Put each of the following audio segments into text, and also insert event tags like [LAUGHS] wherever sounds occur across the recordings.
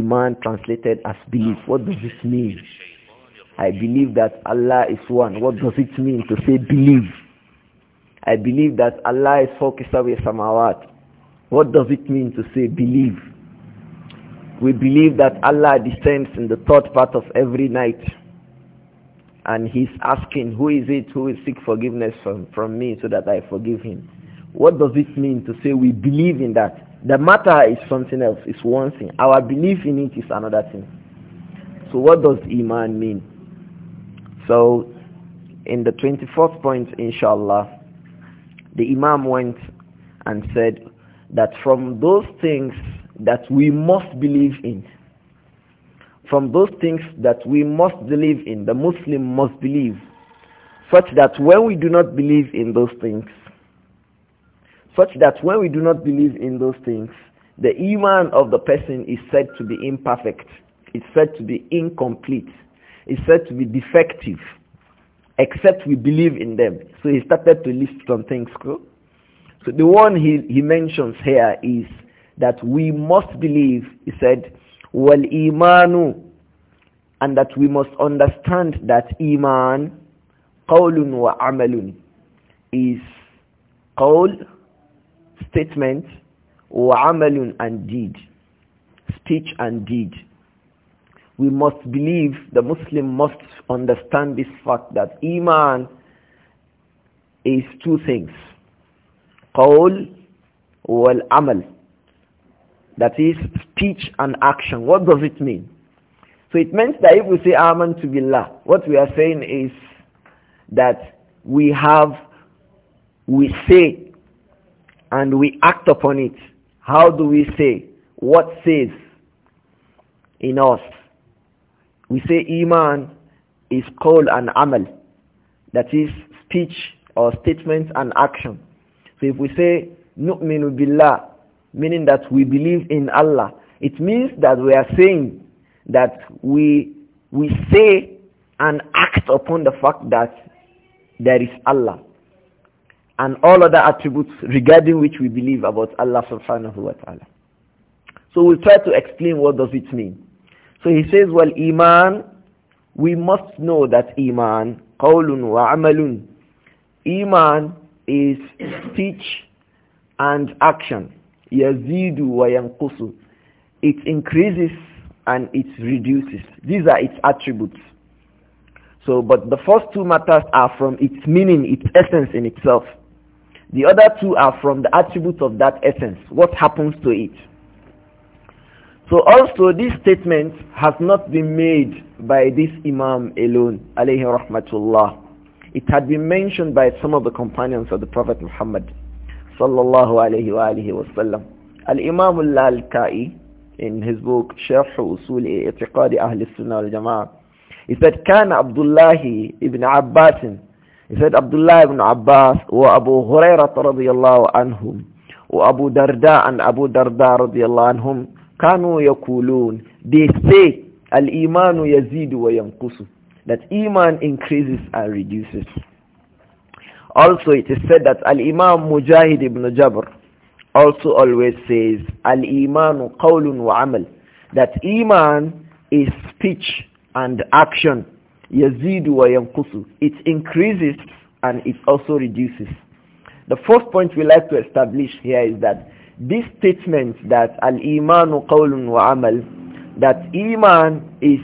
Iman translated as belief. What does this mean? I believe that Allah is one. What does it mean to say believe? I believe that Allah is Fokisawi Samawat. What does it mean to say believe? We believe that Allah descends in the third part of every night. And he's asking, who is it who will seek forgiveness from, from me so that I forgive him? What does it mean to say we believe in that? The matter is something else, it's one thing. Our belief in it is another thing. So what does Iman mean? So in the 24th point, inshallah, the Imam went and said that from those things that we must believe in, from those things that we must believe in, the Muslim must believe, such that when we do not believe in those things, such that when we do not believe in those things, the iman of the person is said to be imperfect. It's said to be incomplete. It's said to be defective. Except we believe in them. So he started to list some things. So the one he, he mentions here is that we must believe, he said, "Well, imanu," and that we must understand that iman, qawlun wa amalun, is qawl statement وعمل and deed speech and deed we must believe the muslim must understand this fact that iman is two things qawl wal amal that is speech and action what does it mean so it means that if we say aman to billah what we are saying is that we have we say and we act upon it. How do we say? What says in us? We say Iman is called an amal. That is speech or statement and action. So if we say Nu'minu Billah, meaning that we believe in Allah, it means that we are saying that we, we say and act upon the fact that there is Allah and all other attributes regarding which we believe about Allah subhanahu wa ta'ala. So we'll try to explain what does it mean. So he says, well, Iman, we must know that Iman, qawlun wa amalun. Iman is speech and action. Yazidu wa yankusu. It increases and it reduces. These are its attributes. So, but the first two matters are from its meaning, its essence in itself. The other two are from the attributes of that essence, what happens to it. So also this statement has not been made by this Imam alone, alayhi rahmatullah. It had been mentioned by some of the companions of the Prophet Muhammad sallallahu alayhi wa alihi wasallam. Al-Imam al-Lalkai in his book Sharh Usul I'tiqad Ahl Sunnah al Jama'ah he said كان عبد الله ابن عباس he said Abdullah ibn Abbas wa Abu Hurairah radiyallahu anhum wa Abu Darda and Abu Darda radiyallahu anhum kanu yakulun they say al-iman yazidu wa yankusu, that iman increases and reduces also it is said that al-imam Mujahid ibn Jabr also always says al-iman qawlun wa amal that iman is speech and action yazidu wa yanqusu. It increases and it also reduces. The first point we like to establish here is that this statement that al-imanu qawlun wa amal, that iman is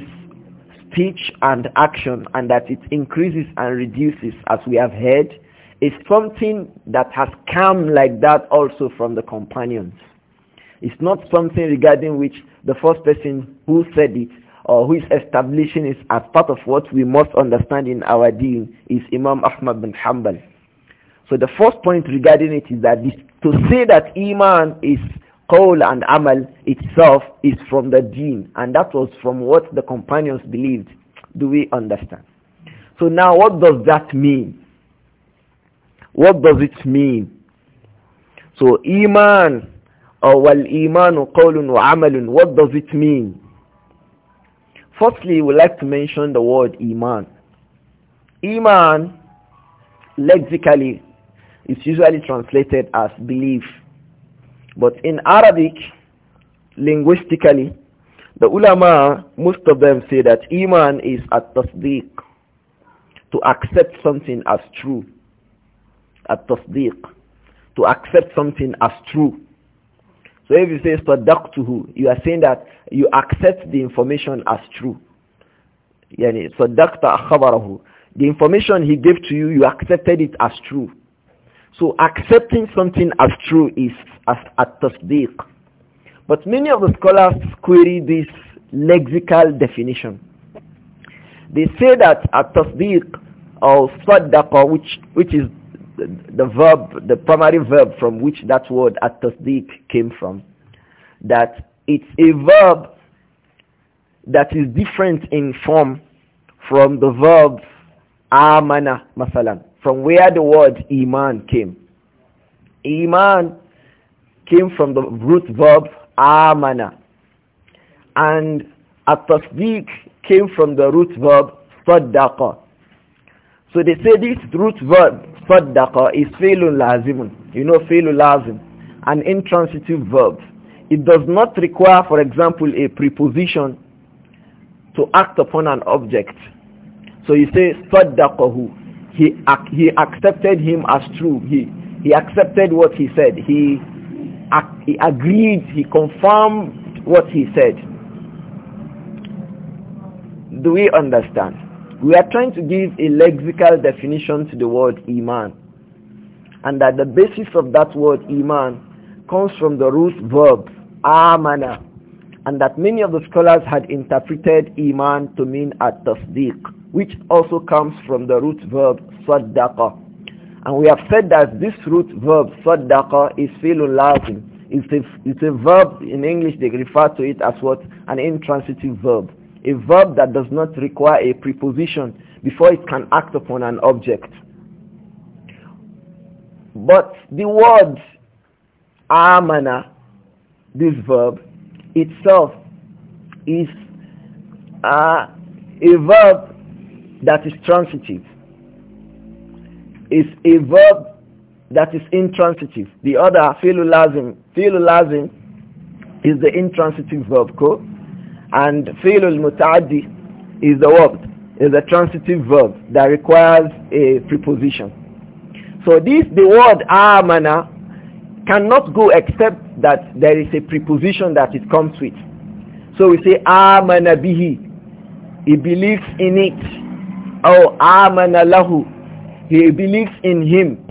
speech and action and that it increases and reduces as we have heard is something that has come like that also from the companions. It's not something regarding which the first person who said it or who is establishing it as part of what we must understand in our deen is Imam Ahmad bin Hanbal. So the first point regarding it is that this, to say that Iman is qawl and amal itself is from the deen and that was from what the companions believed. Do we understand? So now what does that mean? What does it mean? So Iman or wal Imanu qawlun wa amalun, what does it mean? Firstly, we like to mention the word Iman. Iman, lexically, is usually translated as belief. But in Arabic, linguistically, the ulama, most of them say that Iman is at tasdeeq, to accept something as true. At tasdeeq, to accept something as true. So if you say sadaqtuhu, you are saying that you accept the information as true. Yani sadaqta khabarahu. The information he gave to you, you accepted it as true. So accepting something as true is as at-tasdiq. But many of the scholars query this lexical definition. They say that at-tasdiq or sadaqa, which, which is the, verb, the primary verb from which that word at-tasdiq came from, that it's a verb that is different in form from the verb amana masalan, from where the word iman came. Iman came from the root verb amana. And at-tasdiq came from the root verb saddaqa. So they say this root verb صدق is فعل lazim, you know فعل lazim, an intransitive verb it does not require for example a preposition to act upon an object so you say صدقه he he accepted him as true he he accepted what he said he he agreed he confirmed what he said do we understand we are trying to give a lexical definition to the word iman. And that the basis of that word iman comes from the root verb amana. And that many of the scholars had interpreted iman to mean at tasdiq, which also comes from the root verb saddaqa. And we have said that this root verb saddaqa is filun lazim. It's a, it's a verb in English they refer to it as what? An intransitive verb a verb that does not require a preposition before it can act upon an object. But the word amana, this verb itself is uh, a verb that is transitive. It's a verb that is intransitive. The other, filulazim, filulazim is the intransitive verb code and fi'l al-muta'addi is the verb, is a transitive verb that requires a preposition. So this, the word amana cannot go except that there is a preposition that it comes with. So we say amana bihi. He believes in it. Or amana lahu. He believes in him.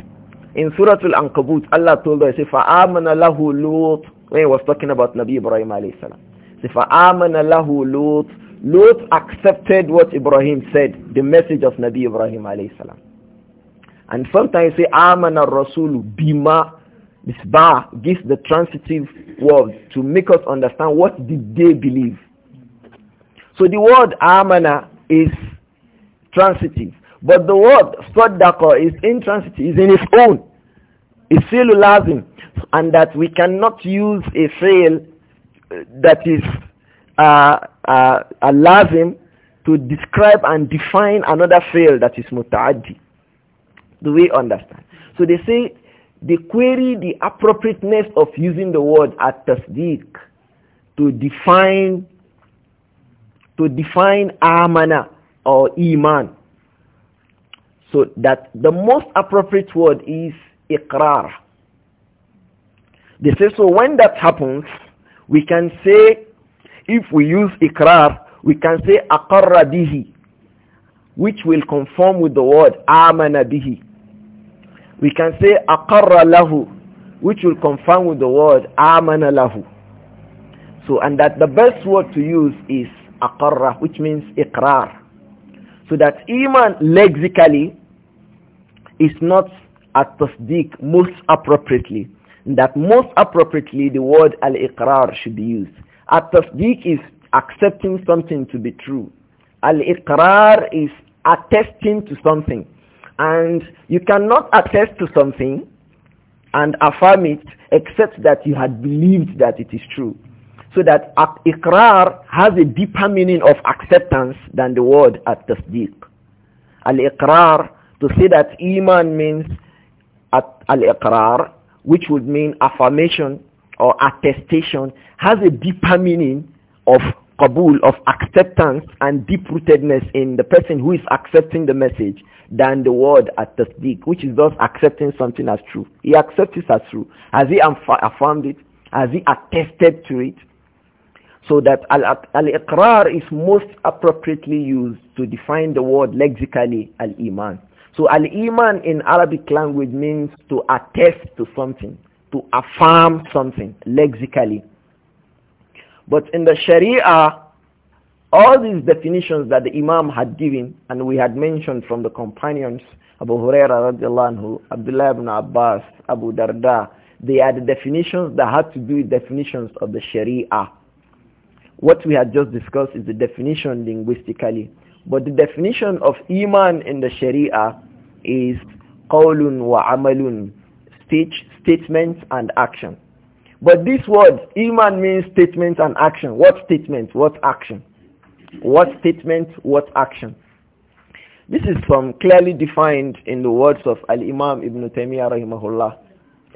In Surah Al-Ankabut, Allah told us, فَآمَنَ لَهُ lut when he was talking about Nabi Ibrahim alayhi salam. So فَآمَنَ لَهُ لُوطٌ Lot accepted what Ibrahim said, the message of Nabi Ibrahim alayhi salam. And sometimes say Amana Rasul Bima this gives the transitive word to make us understand what did they believe. So the word Amana is transitive. But the word Sadaqa is intransitive, is in its own. It's still lazim. And that we cannot use a fail that is uh, uh, allows him to describe and define another field that is muta'addi. Do we understand? So they say they query the appropriateness of using the word at-tasdiq to define to define amana or iman. So that the most appropriate word is iqrar. They say so when that happens, we can say, if we use ikrar, we can say aqarra bihi, which will conform with the word amana bihi. We can say aqarra lahu, which will conform with the word amana lahu. So, and that the best word to use is aqarra, which means ikrar, So that iman lexically is not at tasdeeq most appropriately that most appropriately the word al-iqrar should be used. At-tasdiq is accepting something to be true. Al-iqrar is attesting to something. And you cannot attest to something and affirm it except that you had believed that it is true. So that iqrar has a deeper meaning of acceptance than the word at-tasdiq. Al-iqrar, to say that iman means al-iqrar, which would mean affirmation or attestation, has a deeper meaning of kabul, of acceptance and deep-rootedness in the person who is accepting the message than the word attasdik, which is just accepting something as true. He accepts it as true. Has he affirmed it? Has he attested to it? So that al-iqrar is most appropriately used to define the word lexically, al-iman. So al-iman in Arabic language means to attest to something, to affirm something lexically. But in the Sharia, all these definitions that the Imam had given and we had mentioned from the companions, Abu Huraira radiallahu anhu, Abdullah ibn Abbas, Abu Darda, they are the definitions that had to do with definitions of the Sharia. What we had just discussed is the definition linguistically. But the definition of iman in the sharia is qawlun wa amalun, speech, statements and action. But this word, iman means statements and action. What statement? What action? What statement? What action? This is from clearly defined in the words of Al-Imam Ibn Taymiyyah rahimahullah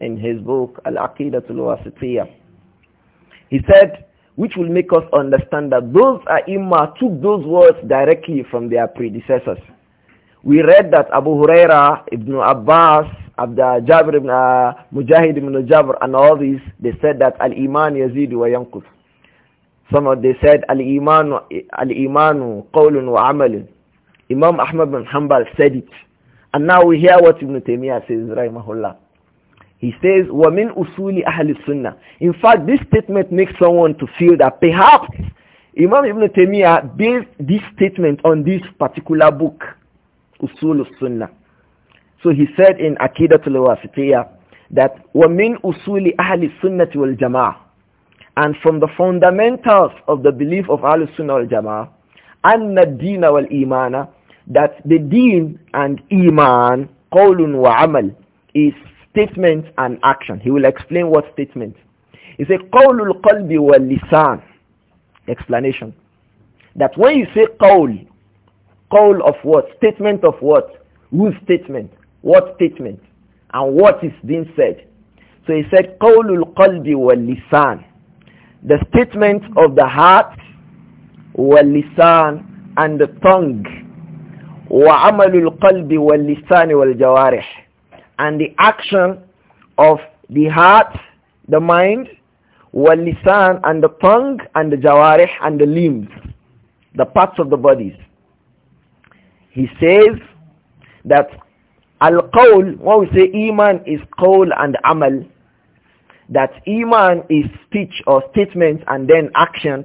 in his book Al-Aqidatul Wasitiyah. He said, which will make us understand that those ai took those words directly from their predecessors. We read that Abu Huraira, Ibn Abbas, Abdul Jabir ibn uh, Mujahid ibn Jabr, and all these, they said that al-iman yazidu wa yankus. Some of they said al-iman al imanu qawlun wa amalun. Imam Ahmad bin Hanbal said it. And now we hear what Ibn Taymiyyah says, rahimahullah. He says, وَمِنْ أُسُولِ أَهْلِ السُنَّةِ In fact, this statement makes someone to feel that perhaps Imam Ibn Taymiyyah based this statement on this particular book, Usul al-Sunnah. So he said in Akidatul Wasitiyah that وَمِنْ أُسُولِ أَهْلِ السُنَّةِ وَالْجَمَاعَةِ And from the fundamentals of the belief of Ahlul Sunnah wal-Jama'ah, أَنَّ الدِّينَ وَالْإِيمَانَ That the deen and iman, قَوْلٌ وَعَمَلٌ is statement and action. He will explain what statement. He said, قَوْلُ الْقَلْبِ وَاللِّسَانِ Explanation. That when you say qawl, qawl of what? Statement of what? Whose statement? What statement? And what is being said? So he said, قَوْلُ الْقَلْبِ وَاللِّسَانِ The statement of the heart, وَاللِّسَانِ and the tongue. وَعَمَلُ الْقَلْبِ وَاللِّسَانِ وَالْجَوَارِحِ and the action of the heart, the mind, wal-lisan and the tongue and the jawarih and the limbs, the parts of the bodies. He says that al-qawl, when we say iman is qawl and amal, that iman is speech or statement and then action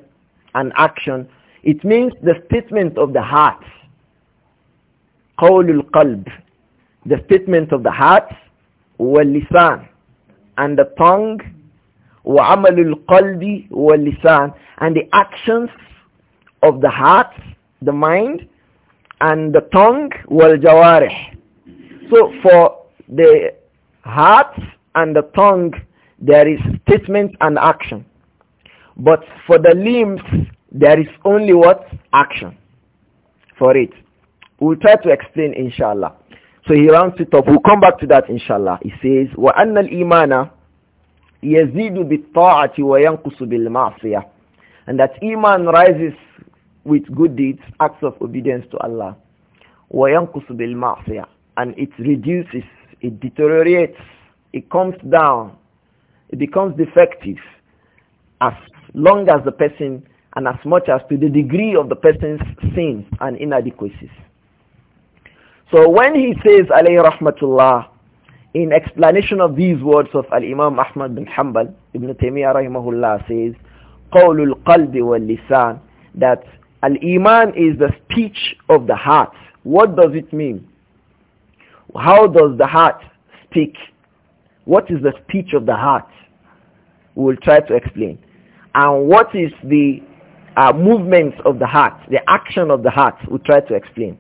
and action. It means the statement of the heart. Qawlul qalb the statement of the heart واللسان and the tongue وعمل القلب واللسان and the actions of the heart the mind and the tongue والجوارح so for the heart and the tongue there is statement and action but for the limbs there is only what action for it we'll try to explain inshallah so he rounds it up. We'll come back to that inshallah. He says, وَأَنَّ الْإِيمَانَ يَزِيدُ بِالطَّاعَةِ yankusubil بِالْمَعْصِيَةِ And that Iman rises with good deeds, acts of obedience to Allah. yankusubil بِالْمَعْصِيَةِ And it reduces, it deteriorates, it comes down, it becomes defective as long as the person and as much as to the degree of the person's sins and inadequacies. So when he says alayhi rahmatullah in explanation of these words of al-Imam Ahmad bin Hanbal Ibn Taymiyyah rahimahullah says qawlul qalbi wal lisan that al-iman is the speech of the heart. What does it mean? How does the heart speak? What is the speech of the heart? We'll try to explain. And what is the uh, movements of the heart, the action of the heart, we'll try to explain.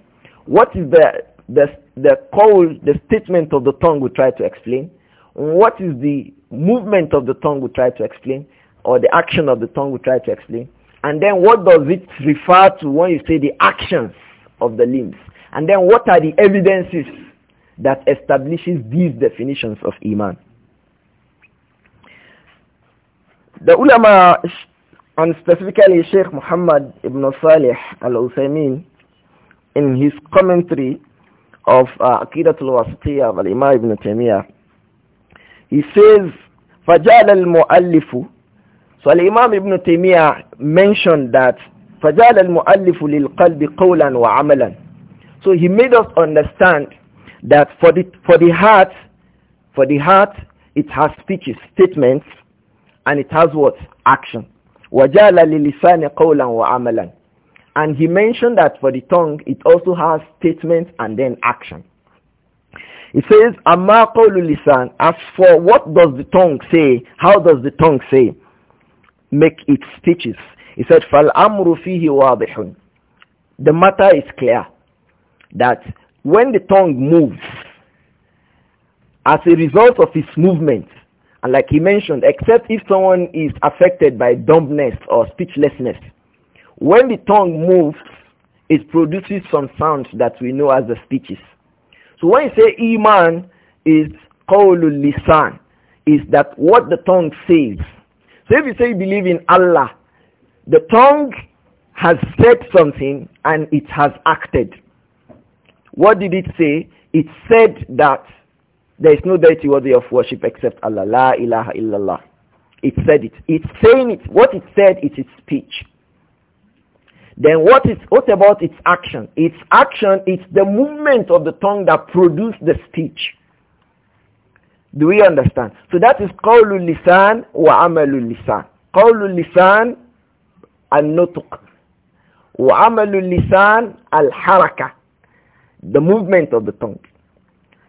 What is the the, the call, the statement of the tongue we try to explain, what is the movement of the tongue we try to explain, or the action of the tongue we try to explain, and then what does it refer to when you say the actions of the limbs, and then what are the evidences that establishes these definitions of Iman. The ulama, and specifically Sheikh Muhammad ibn Salih al-Uthaymeen, in his commentary of uh, al-Wasitiyah of Imam Ibn Taymiyyah, he says, "Fajal al-Muallifu." So Imam Ibn Taymiyyah mentioned that Fajal al فَجَعَلَ li'l لِلْقَلْبِ قَوْلًا wa'Amalan. So he made us understand that for the, for the heart, for the heart, it has speeches, statements, and it has what? Action. وَجَعَلَ لِلِسَانِ قَوْلًا wa'Amalan. And he mentioned that for the tongue, it also has statement and then action. It says, Amma lisan. As for what does the tongue say? How does the tongue say? Make its speeches. He said, فَالْأَمْرُ فِيهِ وَاضِحٌ The matter is clear that when the tongue moves, as a result of its movement, and like he mentioned, except if someone is affected by dumbness or speechlessness, when the tongue moves, it produces some sounds that we know as the speeches. So when you say iman is qawlul lisan, is that what the tongue says. So if you say you believe in Allah, the tongue has said something and it has acted. What did it say? It said that there is no deity worthy of worship except Allah. La ilaha illallah. It said it. It's saying it. What it said is its speech. Then what is what about its action? Its action is the movement of the tongue that produces the speech. Do we understand? So that is qawlul lisan wa amalul lisan. Qawlul lisan al-nutq wa amalul lisan al-haraka. The movement of the tongue.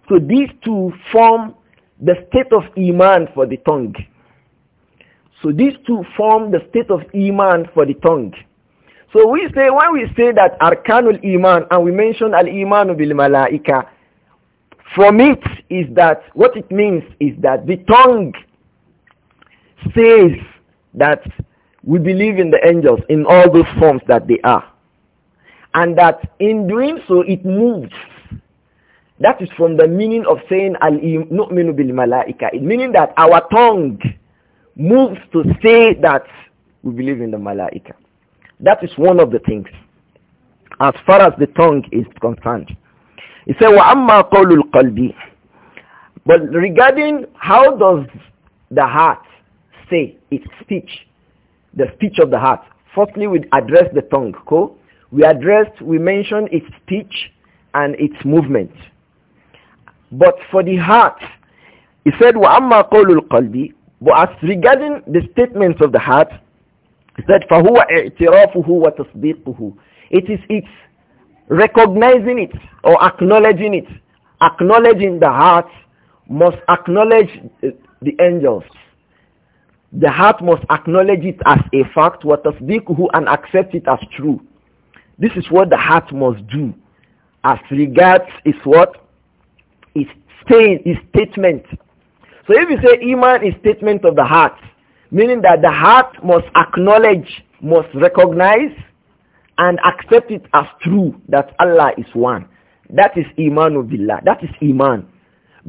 So these two form the state of iman for the tongue. So these two form the state of iman for the tongue. So we say, when we say that Arkanul Iman, and we mention Al-Imanu Bil Malaika, from it is that, what it means is that the tongue says that we believe in the angels in all those forms that they are. And that in doing so, it moves. That is from the meaning of saying al-nu'minu bil malaika. Meaning that our tongue moves to say that we believe in the malaika. That is one of the things as far as the tongue is concerned. He said, وَأَمَّا قَوْلُ الْقَلْبِ But regarding how does the heart say its speech, the speech of the heart, firstly we address the tongue. Cool? We addressed, we mentioned its speech and its movement. But for the heart, he said, وَأَمَّا قَوْلُ الْقَلْبِ But as regarding the statements of the heart, he فَهُوَ اِعْتِرَافُهُ وَتَصْدِيقُهُ It is its recognizing it or acknowledging it. Acknowledging the heart must acknowledge the angels. The heart must acknowledge it as a fact, وَتَصْدِيقُهُ and accept it as true. This is what the heart must do as regards its what? Its, stay, its statement. So if you say Iman is statement of the heart, Meaning that the heart must acknowledge, must recognize and accept it as true that Allah is one. That is Iman of Billah. That is Iman.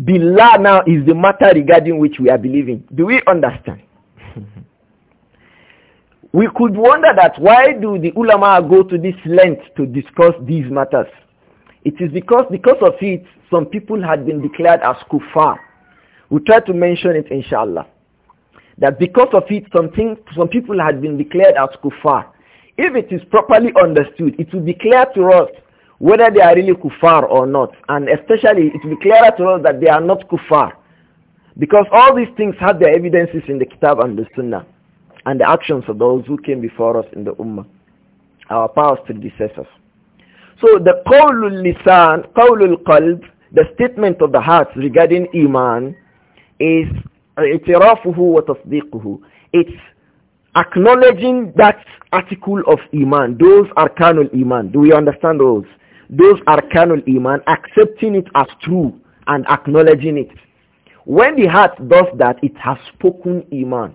Billah now is the matter regarding which we are believing. Do we understand? [LAUGHS] we could wonder that why do the ulama go to this length to discuss these matters? It is because because of it, some people had been declared as kuffar. We try to mention it inshallah that because of it some people had been declared as kuffar. If it is properly understood, it will be clear to us whether they are really kuffar or not. And especially it will be clearer to us that they are not kuffar. Because all these things have their evidences in the Kitab and the Sunnah and the actions of those who came before us in the Ummah, our past predecessors. So the qawlul lisan, qawlul qalb, the statement of the heart regarding iman is i'tirafuhu wa tasdiquhu. It's acknowledging that article of iman, those arkanul iman. Do we understand those? Those arkanul iman, accepting it as true and acknowledging it. When the heart does that, it has spoken iman.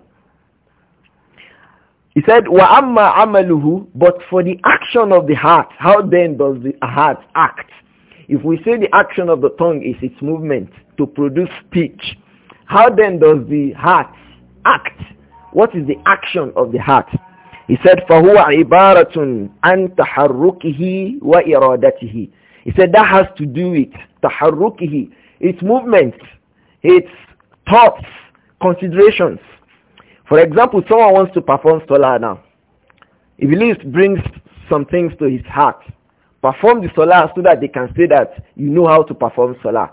He said, "Wa amma amaluhu," but for the action of the heart, how then does the heart act? If we say the action of the tongue is its movement to produce speech, how then does the heart act? What is the action of the heart? He said, فَهُوَ عِبَارَةٌ عَنْ تَحَرُّكِهِ وَإِرَادَتِهِ He said that has to do with تَحَرُّكِهِ, its movements, its thoughts, considerations. For example, someone wants to perform salah now. He believes brings some things to his heart. Perform the salah so that they can say that you know how to perform salah.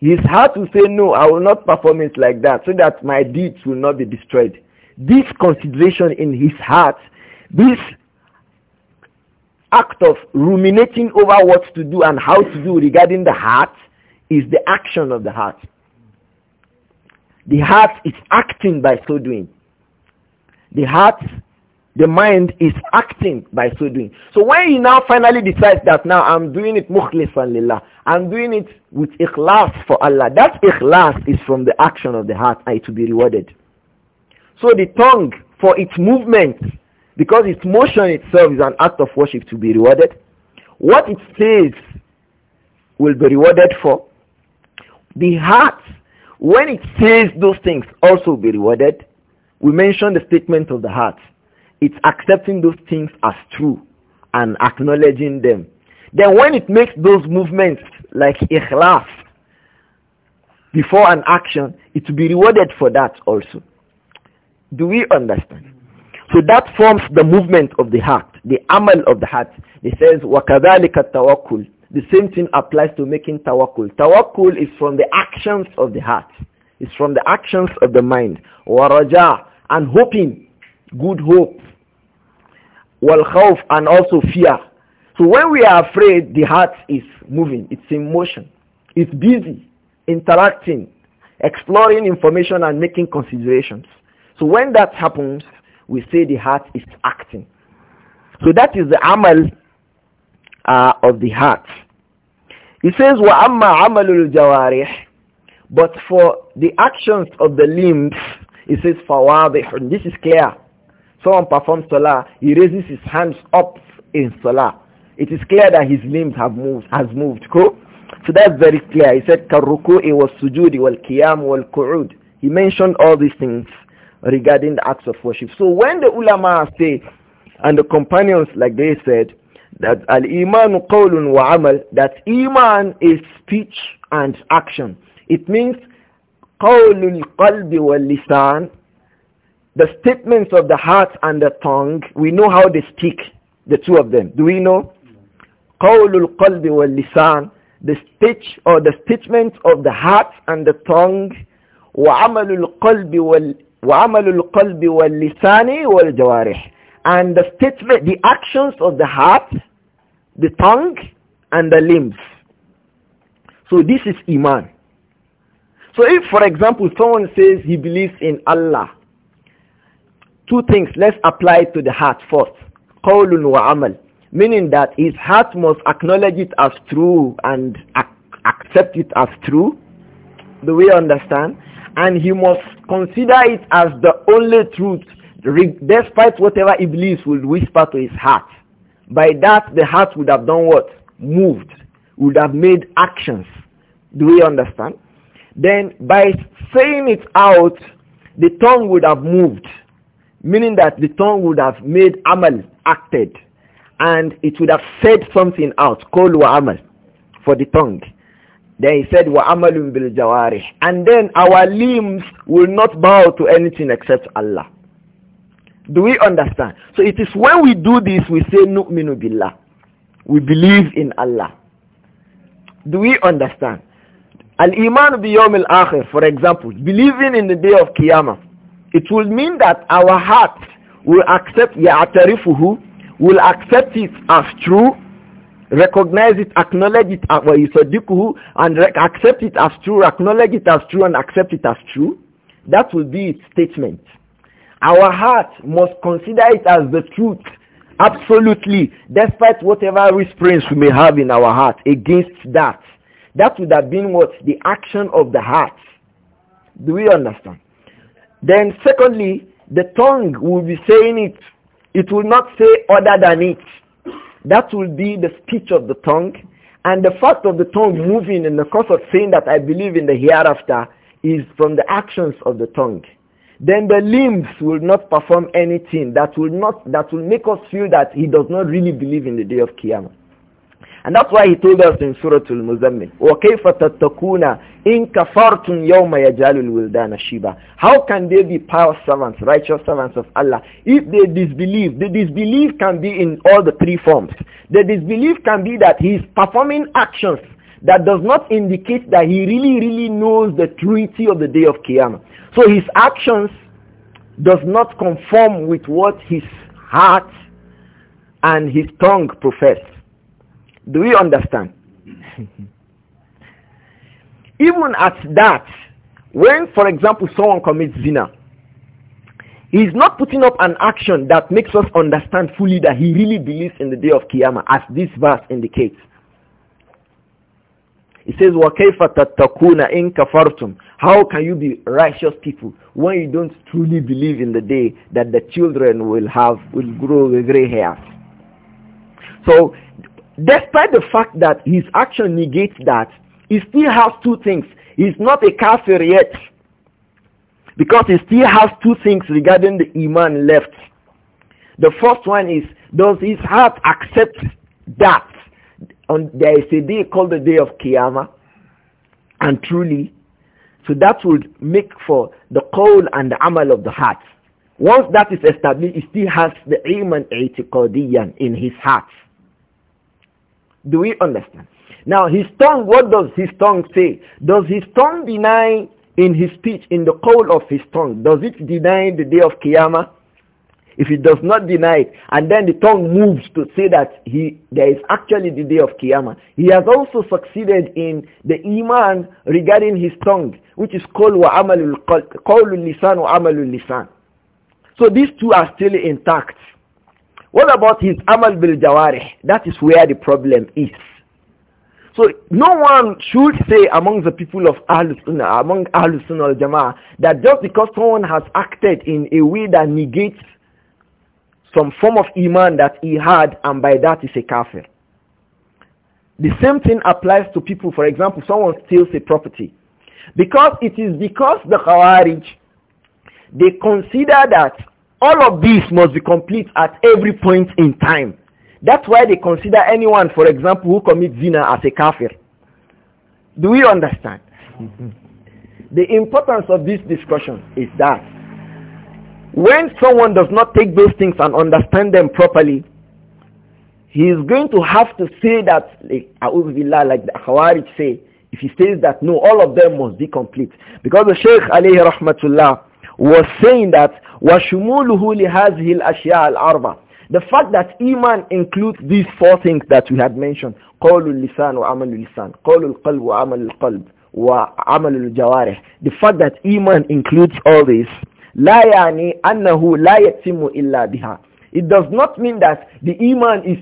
His heart will say, no, I will not perform it like that so that my deeds will not be destroyed. This consideration in his heart, this act of ruminating over what to do and how to do regarding the heart is the action of the heart. The heart is acting by so doing. The heart the mind is acting by so doing. So when he now finally decides that now I'm doing it mukhlisan lillah, I'm doing it with ikhlas for Allah, that ikhlas is from the action of the heart and it will be rewarded. So the tongue, for its movement, because its motion itself is an act of worship to be rewarded, what it says will be rewarded for. The heart, when it says those things, also be rewarded. We mentioned the statement of the heart it's accepting those things as true and acknowledging them. Then when it makes those movements like ikhlas before an action, it will be rewarded for that also. Do we understand? So that forms the movement of the heart, the amal of the heart. It says, وَكَذَلِكَ التَّوَكُّلُ The same thing applies to making tawakkul. Tawakkul is from the actions of the heart. It's from the actions of the mind. وَرَجَاء And hoping, good hope wal khawf and also fear. So when we are afraid, the heart is moving, it's in motion, it's busy, interacting, exploring information and making considerations. So when that happens, we say the heart is acting. So that is the amal uh, of the heart. It says, وَأَمَّا عَمَلُ الْجَوَارِحِ But for the actions of the limbs, it says, فَوَاضِحٌ This is clear. Someone performs salah, he raises his hands up in salah. It is clear that his limbs have moved, has moved. Cool? So that's very clear. He said, It was sujudi wal qiyam wal qu'ud. He mentioned all these things regarding the acts of worship. So when the ulama say, and the companions, like they said, that al-iman qawlun wa amal, that iman is speech and action. It means qawlul qalbi wal lisan the statements of the heart and the tongue, we know how they speak, the two of them. Do we know? قَوْلُ الْقَلْبِ وَاللِّسَانِ The speech or the statement of the heart and the tongue. وَعَمَلُ الْقَلْبِ وَال وَعَمَلُ الْقَلْبِ وَاللِّسَانِ وَالْجَوَارِحِ And the statement, the actions of the heart, the tongue, and the limbs. So this is Iman. So if, for example, someone says he believes in Allah, Two things, let's apply it to the heart first. Qawlun wa amal. Meaning that his heart must acknowledge it as true and ac accept it as true. Do we understand? And he must consider it as the only truth despite whatever Iblis would whisper to his heart. By that, the heart would have done what? Moved. Would have made actions. Do we understand? Then by saying it out, the tongue would have moved meaning that the tongue would have made amal acted and it would have said something out called wa amal for the tongue then he said wa amalun bil jawarih and then our limbs will not bow to anything except Allah do we understand so it is when we do this we say nu'minu billah we believe in Allah do we understand al iman bi yawm al akhir for example believing in the day of qiyamah it will mean that our heart will accept Ya'tarifuhu, will accept it as true, recognize it, acknowledge it uh, as and accept it as true, acknowledge it as true, and accept it as true. That will be its statement. Our heart must consider it as the truth, absolutely, despite whatever restraints we may have in our heart against that. That would have been what? The action of the heart. Do we understand? Then secondly, the tongue will be saying it. It will not say other than it. That will be the speech of the tongue. And the fact of the tongue moving in the course of saying that I believe in the hereafter is from the actions of the tongue. Then the limbs will not perform anything that will, not, that will make us feel that he does not really believe in the day of Qiyamah. And that's why he told us in Surah Al-Muzammil, وَكَيْفَ تَتَّقُونَ إِن كَفَرْتُمْ يَوْمَ يَجَالُ الْوِلْدَانَ How can they be pious servants, righteous servants of Allah, if they disbelieve? The disbelief can be in all the three forms. The disbelief can be that he is performing actions that does not indicate that he really, really knows the treaty of the day of Qiyamah. So his actions does not conform with what his heart and his tongue profess. Do we understand? [LAUGHS] Even at that, when, for example, someone commits zina, he's not putting up an action that makes us understand fully that he really believes in the day of Qiyamah, as this verse indicates. It says, وَكَيْفَ تَتَّقُونَ إِن كَفَرْتُمْ How can you be righteous people when you don't truly believe in the day that the children will have, will grow with gray hairs? So Despite the fact that his action negates that, he still has two things. He's not a kafir yet because he still has two things regarding the iman left. The first one is, does his heart accept that on, there is a day called the day of Qiyamah? And truly, so that would make for the qawl and the amal of the heart. Once that is established, he still has the iman itiqadiyan in his heart. Do we understand? Now his tongue, what does his tongue say? Does his tongue deny in his speech, in the call of his tongue, does it deny the day of Qiyamah? If it does not deny it, and then the tongue moves to say that he, there is actually the day of Qiyamah, he has also succeeded in the iman regarding his tongue, which is called wa amalul qawl lisan wa amalul lisan. So these two are still intact. What about his amal bil jawarih? That is where the problem is. So no one should say among the people of al Sunnah, among al Sunnah al-Jama'ah, that just because someone has acted in a way that negates some form of iman that he had and by that is a kafir. The same thing applies to people. For example, someone steals a property. Because it is because the Khawarij, they consider that all of these must be complete at every point in time. That's why they consider anyone, for example, who commits zina as a kafir. Do we understand? [LAUGHS] The importance of this discussion is that when someone does not take those things and understand them properly, he is going to have to say that, like, like the Khawarij say, if he says that no, all of them must be complete. Because the Shaykh alayhi rahmatullah was saying that وَشُمُولُهُ لِهَذِهِ الْأَشْيَاءَ الْأَرْبَعَ The fact that Iman includes these four things that we had mentioned, قول اللسان وعمل اللسان, قول القلب وعمل القلب, وعمل الجوارح. The fact that Iman includes all this, لا يعني أنه لا يتم إلا بها. It does not mean that the Iman is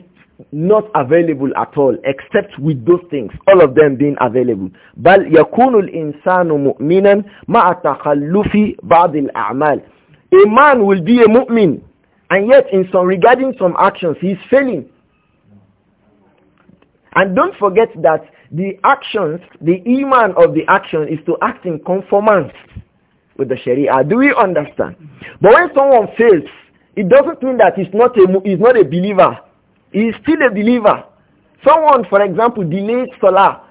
not available at all except with those things all of them being available بل يكون الإنسان مؤمنا مع تخلف بعض الأعمال a man will be a mu'min and yet in some regarding some actions he is failing. And don't forget that the actions, the iman of the action is to act in conformance with the Sharia. Do we understand? But when someone fails, it doesn't mean that he's not a, he's not a believer. He is still a believer. Someone, for example, delays Salah.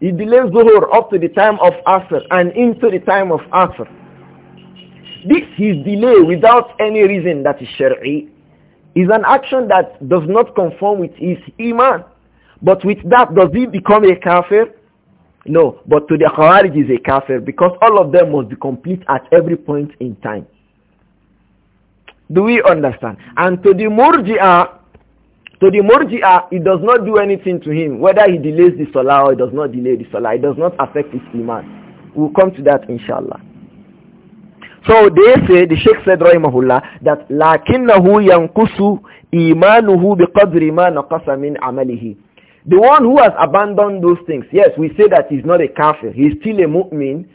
He delays Zuhur up to the time of Asr and into the time of Asr this his delay without any reason that is shari'i is an action that does not conform with his iman. But with that, does he become a kafir? No, but to the Khawarij is a kafir because all of them must be complete at every point in time. Do we understand? And to the Murji'ah, to the Murji'ah, it does not do anything to him, whether he delays the Salah or does not delay the Salah. It does not affect his Iman. We'll come to that inshallah. So they say, the Sheikh said, Rahimahullah, that لَكِنَّهُ يَنْقُسُ إِيمَانُهُ بِقَدْرِ مَا نَقَصَ مِنْ عَمَلِهِ The one who has abandoned those things, yes, we say that he's not a kafir, he's still a mu'min.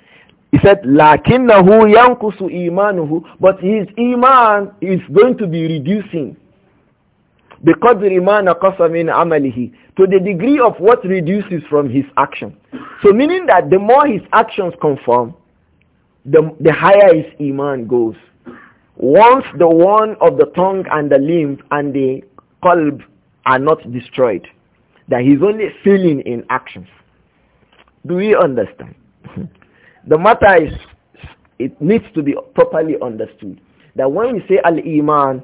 He said, لَكِنَّهُ يَنْقُسُ إِيمَانُهُ But his iman is going to be reducing. بِقَدْرِ مَا نَقَصَ مِنْ عَمَلِهِ To the degree of what reduces from his action. So meaning that the more his actions conform, the, the higher his iman goes. Once the one of the tongue and the limb and the qalb are not destroyed, that he's only feeling in actions. Do we understand? [LAUGHS] the matter is, it needs to be properly understood. That when we say al-iman,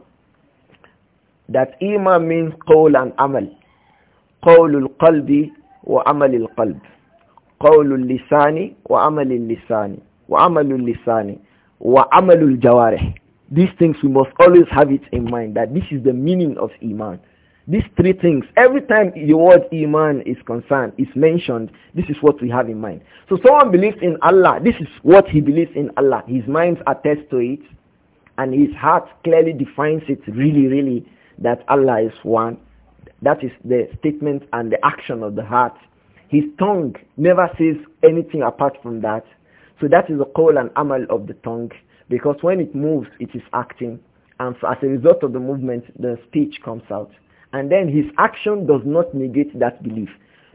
that iman means qawl and amal. قول القلب وعمل القلب قول اللسان وعمل اللسان وَعَمَلُ wa amalul الْجَوَارِحِ These things we must always have it in mind that this is the meaning of Iman. These three things, every time the word Iman is concerned, is mentioned, this is what we have in mind. So someone believes in Allah, this is what he believes in Allah. His mind attests to it and his heart clearly defines it really, really that Allah is one. That is the statement and the action of the heart. His tongue never says anything apart from that. So that is the call and amal of the tongue because when it moves, it is acting. And so as a result of the movement, the speech comes out. And then his action does not negate that belief.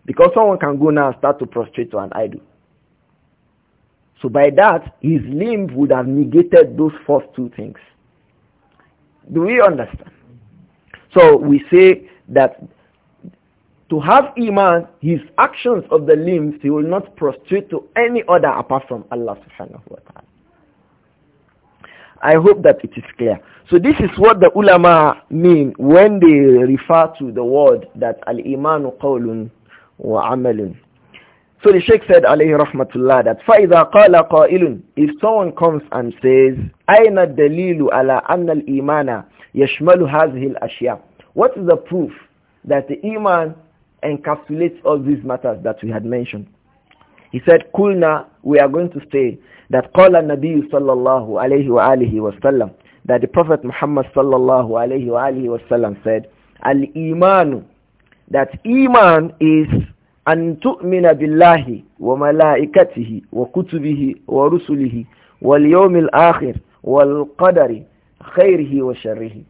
Because someone can go now and start to prostrate to an idol. So by that, his limb would have negated those first two things. Do we understand? So we say that to have iman, his actions of the limbs, he will not prostrate to any other apart from Allah subhanahu wa ta'ala. I hope that it is clear. So this is what the ulama mean when they refer to the word that al-imanu qawlun wa amalun. So the Sheikh said alayhi rahmatullah that فَإِذَا قَالَ قَائِلٌ If someone comes and says أَيْنَ الدَّلِيلُ عَلَى أَنَّ الْإِيمَانَ يَشْمَلُ هَذِهِ الْأَشْيَاءِ What is the proof that the iman encapsulates all these matters that we had mentioned. He said, Kulna, we are going to say that Qala Nabi sallallahu alayhi wa alihi wasallam, that the Prophet Muhammad sallallahu alayhi wa alihi wasallam said, Al-Imanu, that Iman is an tu'mina billahi wa malaikatihi wa kutubihi wa rusulihi wal yawmil akhir wal qadari khairihi wa sharrihi.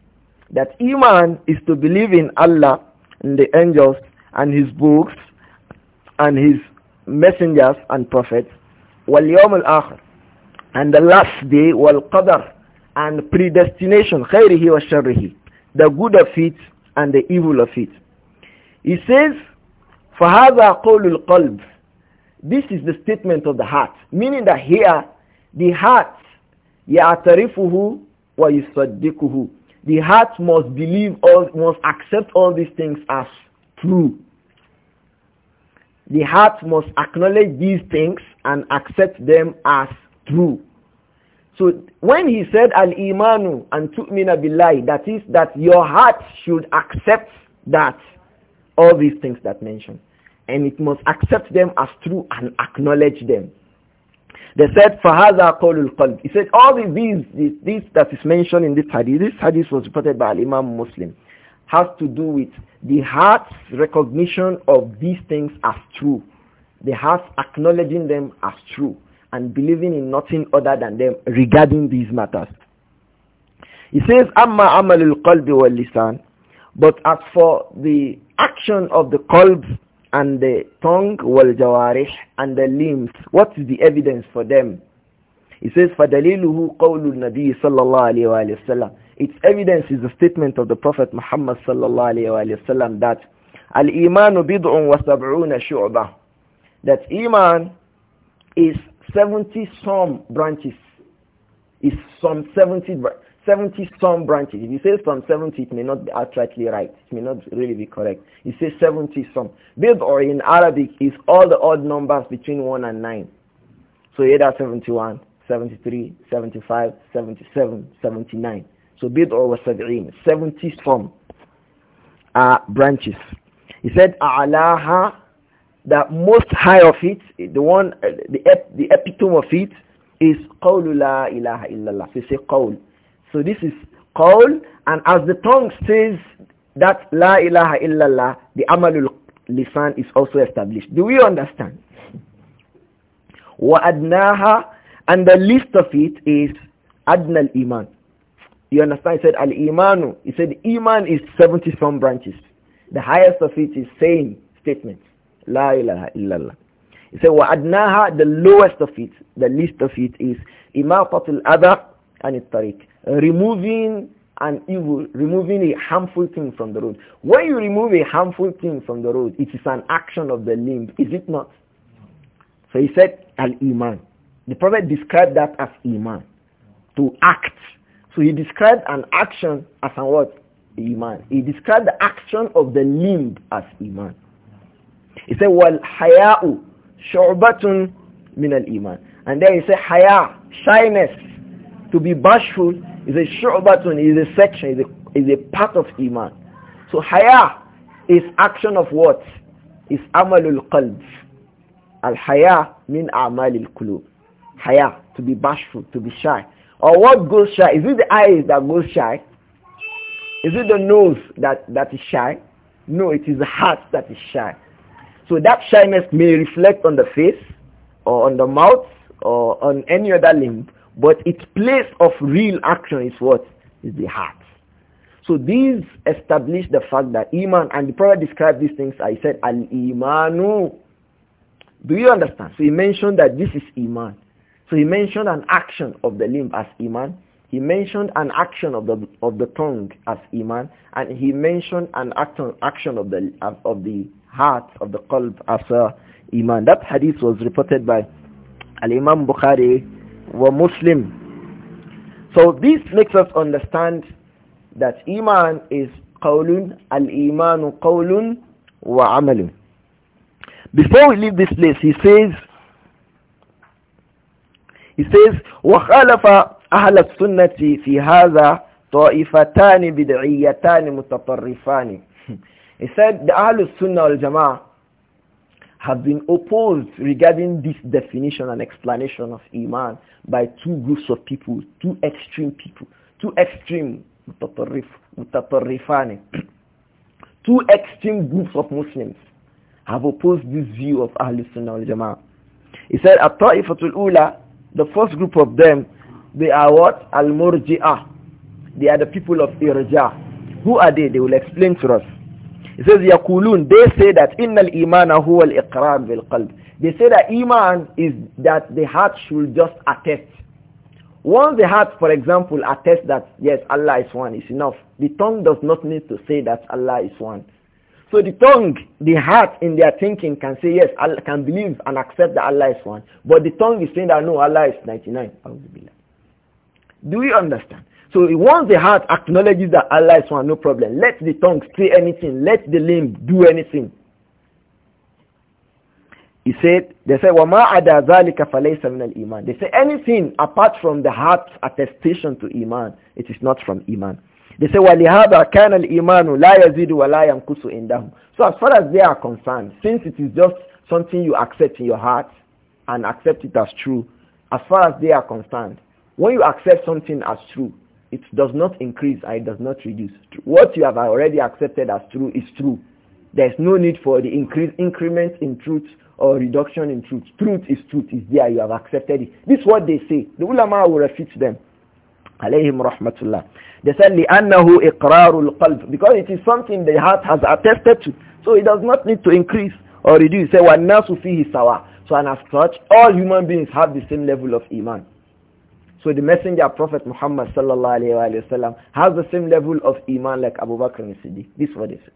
That Iman is to believe in Allah, and the angels, and his books and his messengers and prophets واليوم الآخر and the last day والقدر and predestination خيره sharrihi, the good of it and the evil of it he says فهذا قول القلب this is the statement of the heart meaning that here the heart يعترفه ويصدقه the heart must believe all must accept all these things as true. The heart must acknowledge these things and accept them as true. So when he said al-imanu and tu'mina billahi, that is that your heart should accept that all these things that mentioned. And it must accept them as true and acknowledge them. They said, فَهَذَا قَوْلُ الْقَلْبِ He said, all these, these, these that is mentioned in this hadith, this hadith was reported by Imam Muslim, has to do with the heart's recognition of these things as true, the heart acknowledging them as true and believing in nothing other than them regarding these matters. He says, Amma amalul qalbi wal lisan. But as for the action of the qalb and the tongue wal jawarih and the limbs, what is the evidence for them? He says, فَدَلِيلُهُ قَوْلُ النَّبِيِّ صَلَّى اللَّهُ عَلَيْهِ its evidence is the statement of the Prophet Muhammad sallallahu alayhi wa sallam that Al-Iman bid'un wa sab'una shu'bah. That Iman is 70 some branches. Is some 70, 70 some branches. If you say some 70, it may not be outrightly right. It may not really be correct. You say 70 some. bidun in Arabic is all the odd numbers between 1 and 9. So either 71, 73, 75, 77, 79. So bid'ah was 70, 70 some uh, branches. He said, A'alaha, the most high of it, the one, uh, the, the epitome of it, is qawlu la ilaha illallah. So you say qawl. So this is qawl, and as the tongue says that la ilaha illallah, the amalul lisan is also established. Do we understand? Wa adnaha, and the list of it is adnal iman. You understand? He said, Al-Imanu. He said, Iman is 70 some branches. The highest of it is saying statements. La ilaha illallah. He said, adnaha The lowest of it, the least of it is إِمَاطَةُ الْأَذَى and الطَّرِيق. Removing an evil, removing a harmful thing from the road. When you remove a harmful thing from the road, it is an action of the limb, is it not? So he said, Al-Iman. The Prophet described that as Iman. To act so he described an action as an what? Iman. He described the action of the limb as Iman. He said, Wal haya'u shu'batun min al iman. And then he said, haya, shyness, to be bashful is a shu'batun, is a section, is a, is a part of iman. So haya is action of what? Is amalul qalb. Al haya min amalil kulub. Haya, to be bashful, to be shy. Or what goes shy? Is it the eyes that goes shy? Is it the nose that, that is shy? No, it is the heart that is shy. So that shyness may reflect on the face or on the mouth or on any other limb, but its place of real action is what? Is the heart. So these establish the fact that Iman, and the Prophet described these things, I said, Al-Imanu. Do you understand? So he mentioned that this is Iman. So he mentioned an action of the limb as iman. He mentioned an action of the of the tongue as iman, and he mentioned an action action of the of the heart of the qalb as uh, iman. That hadith was reported by Al Imam Bukhari wa Muslim. So this makes us understand that iman is qawlun al imanu qawlun wa amalun. Before we leave this place, he says he says, وَخَالَفَ أَهْلَ السُنَّةِ فِي هَذَا طَائِفَتَانِ بِدْعِيَّتَانِ مُتَطَرِّفَانِ He said, the al Sunnah al-Jama'ah have been opposed regarding this definition and explanation of Iman by two groups of people, two extreme people, two extreme mutatarrifani. [CLEARS THROAT] two extreme groups of Muslims have opposed this view of al Sunnah wal Jama'ah. He said, "At-ta'ifatul ula the first group of them, they are what? Al-Murji'ah. They are the people of Irja. Who are they? They will explain to us. It says, Yakulun, they say that Innal Imana huwa al-Iqrar bil qalb. They say that Iman is that the heart should just attest. Once the heart, for example, attests that, yes, Allah is one, is enough. The tongue does not need to say that Allah is one. So the tongue, the heart in their thinking can say yes, I can believe and accept that Allah is one. But the tongue is saying that no, Allah is 99. Do we understand? So once the heart acknowledges that Allah is one, no problem. Let the tongue say anything. Let the limb do anything. He said, they said, وَمَا عَدَى ذَلِكَ فَلَيْسَ مِنَ الْإِيمَانِ They say anything apart from the heart's attestation to Iman, it is not from Iman. They say, وَلِهَذَا كَانَ الْإِيمَانُ لَا يَزِيدُ وَلَا kusu إِنْدَهُمْ So as far as they are concerned, since it is just something you accept in your heart and accept it as true, as far as they are concerned, when you accept something as true, it does not increase and it does not reduce. What you have already accepted as true is true. There is no need for the increase, increment in truth or reduction in truth. Truth is truth. is there. You have accepted it. This is what they say. The ulama will refute them. Alayhim rahmatullah. They said, لِأَنَّهُ إِقْرَارُ الْقَلْبِ Because it is something the heart has attested to. So it does not need to increase or reduce. Say, وَالنَّاسُ فِيهِ سَوَى So and as such, all human beings have the same level of iman. So the messenger Prophet Muhammad sallallahu alayhi wa sallam has the same level of iman like Abu Bakr and Siddiq. This is what it is.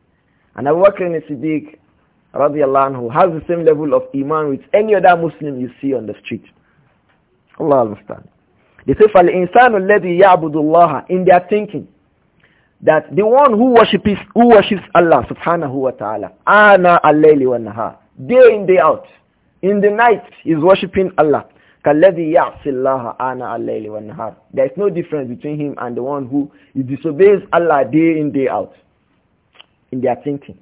And Abu Bakr and Siddiq radiallahu anhu has the same level of iman with any other Muslim you see on the street. Allah understand. They say, فَالْإِنسَانُ الَّذِي يَعْبُدُ اللَّهَ In their thinking, that the one who worships, who worships Allah subhanahu wa ta'ala, ana al wa nahar, day in, day out, in the night is worshipping Allah. Ya يَعْصِ Ana آنَا wa وَالنَّهَارِ There is no difference between him and the one who disobeys Allah day in, day out in their thinking.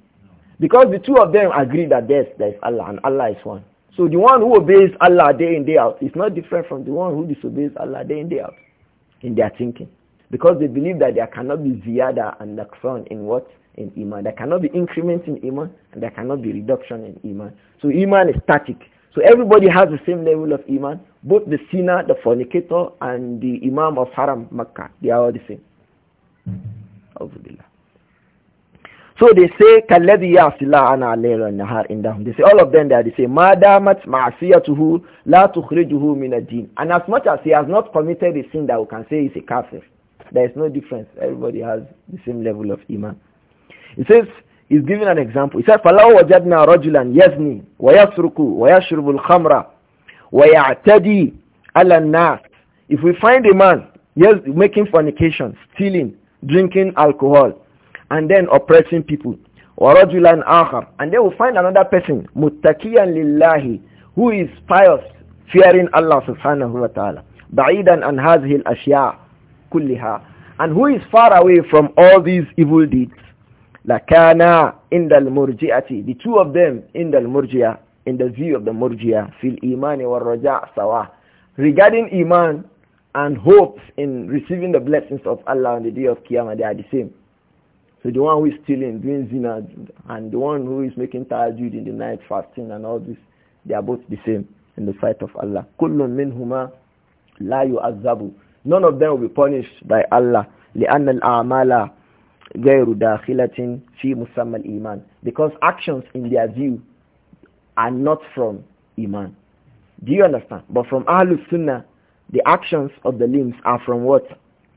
Because the two of them agree that there is Allah and Allah is one. So the one who obeys Allah day in, day out is not different from the one who disobeys Allah day in, day out in their thinking. Because they believe that there cannot be ziyada and naqsan in what? In iman. There cannot be increment in iman and there cannot be reduction in iman. So iman is static. So everybody has the same level of iman. Both the sinner, the fornicator and the imam of haram, Makkah, they are all the same. So they say, كَالَّذِي يَعْصِلَا ana لَيْلَ النَّهَارِ عِنْدَهُمْ They say, all of them they say, مَا دَامَتْ مَعْصِيَتُهُ لَا تُخْرِجُهُ مِنَ الدِّينِ And as much as he has not committed a sin that we can say is a kafir, there is no difference. Everybody has the same level of iman. He says, he's giving an example. He says, فَلَوْ وَجَدْنَا رَجُلًا يَزْنِي وَيَسْرُكُ وَيَشْرُبُ الْخَمْرَ وَيَعْتَدِي عَلَى النَّاسِ If we find a man yes, making fornication, stealing, drinking alcohol, and then oppressing people. وَرَجُلًا آخر And they will find another person, Muttaqiyan Lillahi, Who is pious, fearing Allah subhanahu wa ta'ala. Baidan and Hazil Ashya kulliha. And who is far away from all these evil deeds. kana Indal Murjiati. The two of them, Indal الْمُرْجِئَةِ In the view of the murjia, fil iman Regarding iman and hopes in receiving the blessings of Allah on the day of Qiyamah, they are the same. So the one who is stealing, doing zina, and the one who is making tajud in the night, fasting and all this, they are both the same in the sight of Allah. كُلٌّ مِنْهُمَا لَا يُعَذَّبُ None of them will be punished by Allah. لِأَنَّ الْأَعْمَالَ غَيْرُ دَاخِلَةٍ فِي مُسَمَّى الْإِيمَانِ Because actions in their view are not from Iman. Do you understand? But from Ahlul Sunnah, the actions of the limbs are from what?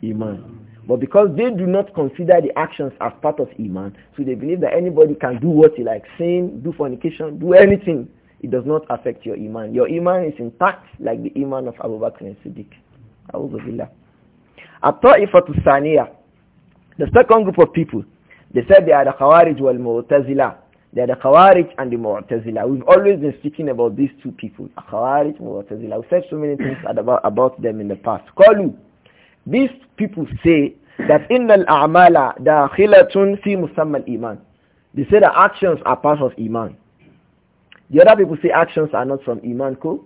Iman. But because they do not consider the actions as part of Iman, so they believe that anybody can do what he likes, sin, do fornication, do anything. It does not affect your Iman. Your Iman is intact like the Iman of Abu Bakr and Siddiq. At-ta'ifatu saniya. The second group of people, they said they are the Khawarij wal Mu'tazila. They are the Khawarij and the Mu'tazila. We've always been speaking about these two people, Khawarij, Mu'tazila. We said so many things about, about them in the past. These people say that al a'mala dakhilatun fi musammal iman. They say that actions are part of iman. The other people say actions are not from iman, cool?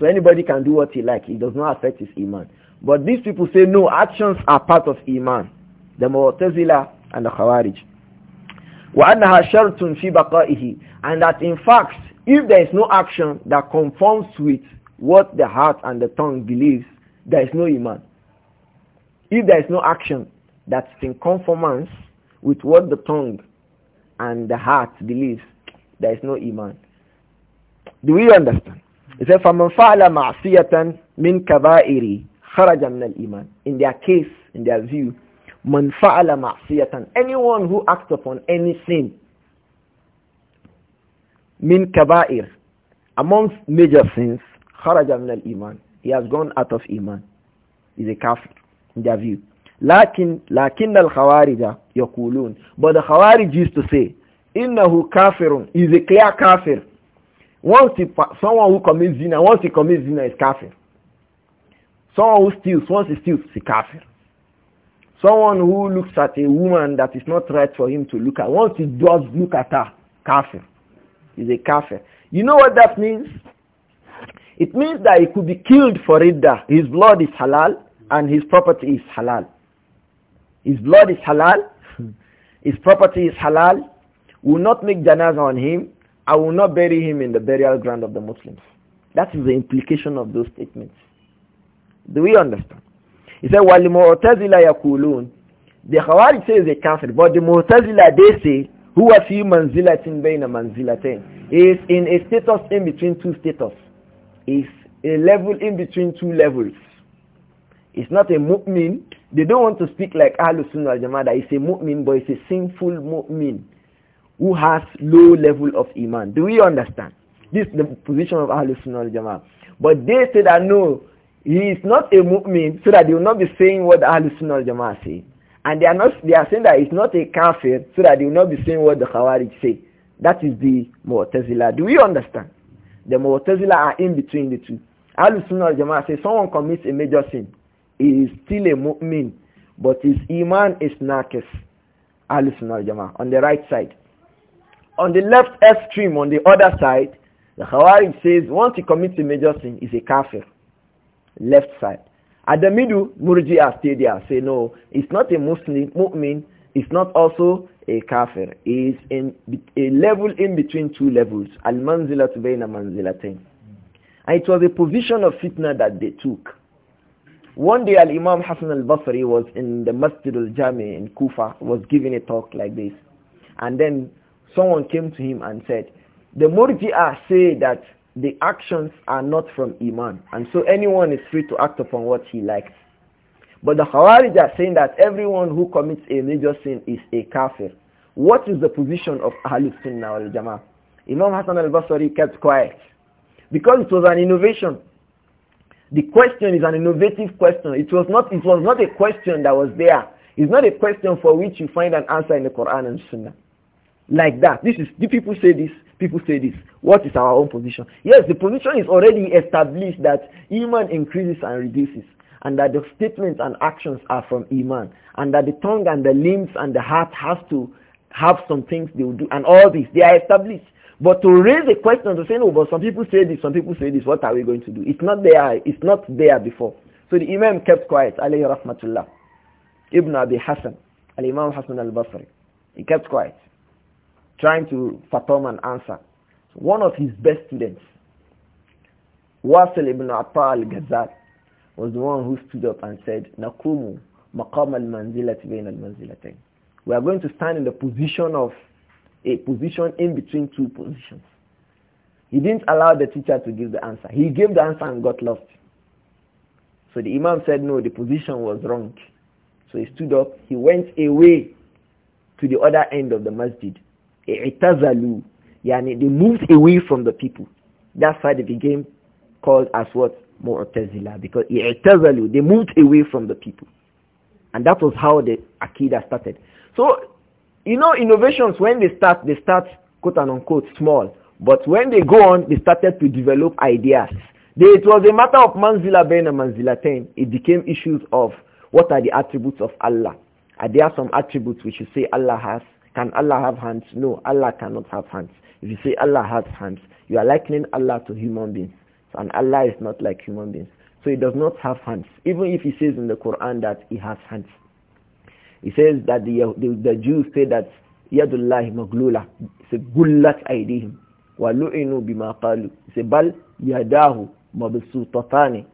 So anybody can do what he like. It does not affect his iman. But these people say no, actions are part of iman. The Mu'tazila and the Khawarij. وَأَنَّهَا شَرْطٌ فِي بَقَائِهِ And that in fact, if there is no action that conforms with what the heart and the tongue believes, there is no iman. If there is no action that's in conformance with what the tongue and the heart believes, there is no iman. Do we understand? He said, فَمَنْ فَعْلَ مَعْصِيَةً مِنْ كَبَائِرِ خَرَجَ مِنَ الْإِيمَانِ In their case, in their view, مَنْ فَعْلَ مَعْصِيَةً Anyone who acts upon any sin, مِنْ كَبَائِرِ Amongst major sins, خَرَجَ مِنَ الْإِيمَانِ He has gone out of Iman. He's a kafir in their view. Lakin, lakin al-khawarija yakulun. But the khawarij used to say, innahu kafirun, is a clear kafir. Once he, someone who commits zina, once he commits zina is kafir. Someone who steals, once he steals, is kafir. Someone who looks at a woman that is not right for him to look at, once he does look at her, kafir. Is a kafir. You know what that means? It means that he could be killed for it. That His blood is halal, and his property is halal. His blood is halal, [LAUGHS] his property is halal, will not make janazah on him, I will not bury him in the burial ground of the Muslims. That is the implication of those statements. Do we understand? He said, "Wali the Mu'tazila yakulun, the Khawarij says they kafir, but the Mu'tazila they say, who was he manzilatin bayna manzilatin, is in a status in between two status, is a level in between two levels. It's not a mu'min. They don't want to speak like Ahlul Sunnah al jamada it's a mu'min, but it's a sinful mu'min who has low level of iman. Do we understand? This is the position of Ahlul Sunnah al jamada But they say that no, he is not a mu'min, so that they will not be saying what Ahlul Sunnah al jamada say. And they are, not, they are saying that it's not a kafir, so that they will not be saying what the Khawarij say. That is the Mu'tazila. Do we understand? The Mu'tazila are in between the two. Ahlul Sunnah al jamada say someone commits a major sin. He is still a mu'min, but his iman is naqis. Al-Sunnah Jama'ah, on the right side. On the left extreme, on the other side, the Khawarij says once he commits a major sin, he's a kafir. Left side. At the middle, Murji'ah stay there, say no, it's not a Muslim, mu'min, it's not also a kafir. It's in a level in between two levels. Al-manzilat bayna manzilatain. And it was a position of fitna that they took. One day Al-Imam Hassan al-Basri was in the Masjid al-Jami in Kufa, was giving a talk like this. And then someone came to him and said, the Murji'ah say that the actions are not from Iman. And so anyone is free to act upon what he likes. But the Khawarij are saying that everyone who commits a major sin is a kafir. What is the position of Ahlul Sunnah Al Jama'ah? Imam Hassan al-Basri kept quiet because it was an innovation. The question is an innovative question. It was not, it was not a question that was there. It's not a question for which you find an answer in the Quran and Sunnah. Like that. This is, the people say this, people say this. What is our own position? Yes, the position is already established that Iman increases and reduces and that the statements and actions are from Iman, and that the tongue and the limbs and the heart has to have some things they will do, and all this, they are established. But to raise the question to say, no, but some people say this, some people say this, what are we going to do? It's not there, it's not there before. So the Imam kept quiet, alayhi rahmatullah. Ibn Abi Hassan, al-Imam Hassan al-Basri. He kept quiet, trying to fathom an answer. one of his best students, Wasil ibn Atta al-Ghazal, was the one who stood up and said, Nakumu maqam al-manzilat bain al-manzilatayn. We are going to stand in the position of a position in between two positions. He didn't allow the teacher to give the answer. He gave the answer and got lost. So the imam said, no, the position was wrong. So he stood up. He went away to the other end of the masjid. I'tazalu. they moved away from the people. That's why they became called as what? Mu'tazila. Because i'tazalu. They moved away from the people. And that was how the Akida started. So you know, innovations, when they start, they start, quote and unquote, small. But when they go on, they started to develop ideas. They, it was a matter of manzila ben and manzila ten. It became issues of what are the attributes of Allah. Are there some attributes which you say Allah has? Can Allah have hands? No, Allah cannot have hands. If you say Allah has hands, you are likening Allah to human beings. And Allah is not like human beings. So he does not have hands. Even if he says in the Quran that he has hands. He says that the, the, the Jews say that Yadullahi maglula. It's a gullat aidihim. وَلُعِنُوا بِمَا قَالُوا He says, بَلْ يَدَاهُ مَبْسُوطَتَانِ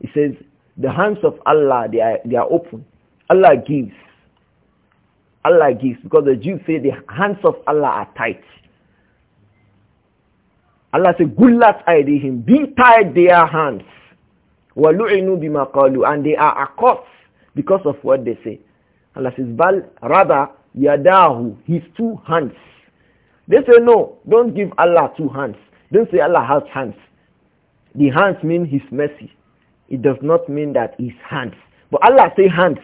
He says, the hands of Allah, they are, they are open. Allah gives. Allah gives. Because the Jews say the hands of Allah are tight. Allah says, Gullat aidihim. Be tied their hands. Walu'inu بِمَا قَالُوا And they are accursed because of what they say. Allah says, Bal Rada Yadahu, his two hands. They say, no, don't give Allah two hands. Don't say Allah has hands. The hands mean his mercy. It does not mean that his hands. But Allah say hands.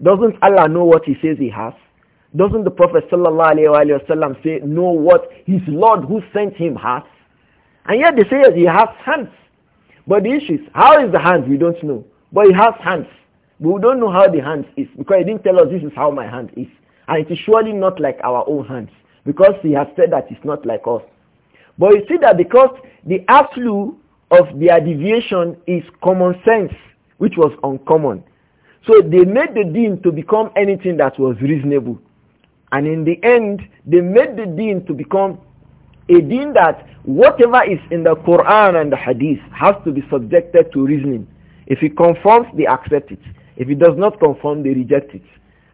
Doesn't Allah know what he says he has? Doesn't the Prophet wasallam say know what his Lord who sent him has? And yet they say he has hands. But the issue is, how is the hands? We don't know. But he has hands. But we don't know how the hand is because he didn't tell us this is how my hand is. And it is surely not like our own hands because he has said that it's not like us. But you see that because the absolute of their deviation is common sense, which was uncommon. So they made the deen to become anything that was reasonable. And in the end, they made the deen to become a deen that whatever is in the Quran and the Hadith has to be subjected to reasoning. If it conforms, they accept it. If it does not conform, they reject it.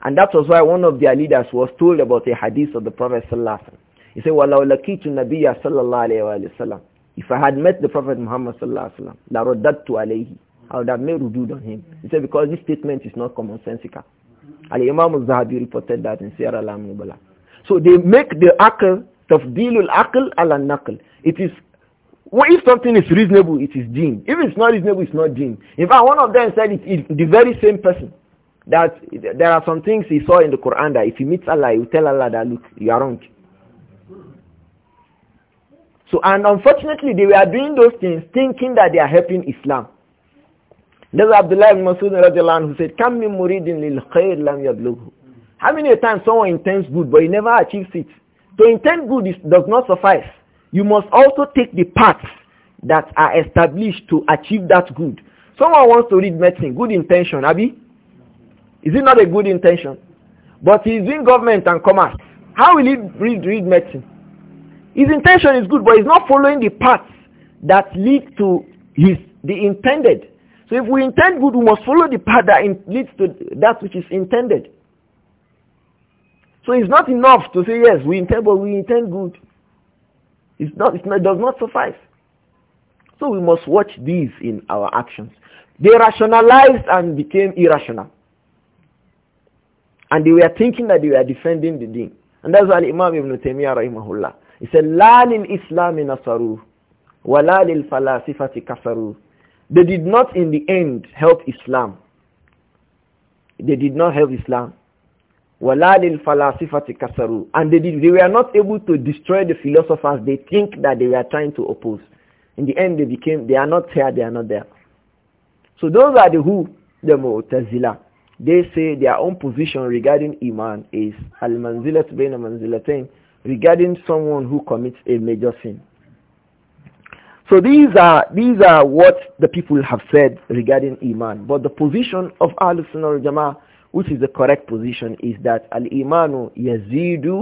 And that was why one of their leaders was told about a hadith of the Prophet sallallahu alaihi wasallam. He said, "Walau laqitu nabiyya sallallahu alaihi wasallam." If I had met the Prophet Muhammad sallallahu alaihi wasallam, la alayhi. I would have made rudud on him. He said because this statement is not commonsensical. Al Imam al-Zahabi reported that in Sierra al-Nubala. So they make the akal tafdilul akal al-naql. nakal. It is if something is reasonable, it is deemed. If it's not reasonable, it's not deemed. In fact, one of them said it, it, the very same person that there are some things he saw in the Quran that if he meets Allah, he will tell Allah that, look, you are wrong. So, and unfortunately, they were doing those things thinking that they are helping Islam. There's Abdullah ibn Masud who said, Kam min muridin lil khair lam yablughu. How many times someone intends good but he never achieves it? To intend good is, does not suffice you must also take the paths that are established to achieve that good. Someone wants to read medicine, good intention, Abi. Is it not a good intention? But he's in government and commerce. How will he read, read medicine? His intention is good, but he's not following the paths that lead to his the intended. So if we intend good, we must follow the path that in, leads to that which is intended. So it's not enough to say yes, we intend, but we intend good. It's not, it's not, it does not suffice. So we must watch these in our actions. They rationalized and became irrational. And they were thinking that they were defending the deen. And that's why Imam Ibn Taymiyyah rahimahullah. He said, La lil Islam nasaru, wa la falasifati kasaru. They did not in the end help Islam. They did not help Islam wala lil falasifati kasaru and they did, they were not able to destroy the philosophers they think that they were trying to oppose in the end they became they are not here they are not there so those are the who the mu'tazila they say their own position regarding iman is al manzilat bayna manzilatain regarding someone who commits a major sin so these are these are what the people have said regarding iman but the position of al sunnah al jamaa which is the correct position, is that al-imanu yazidu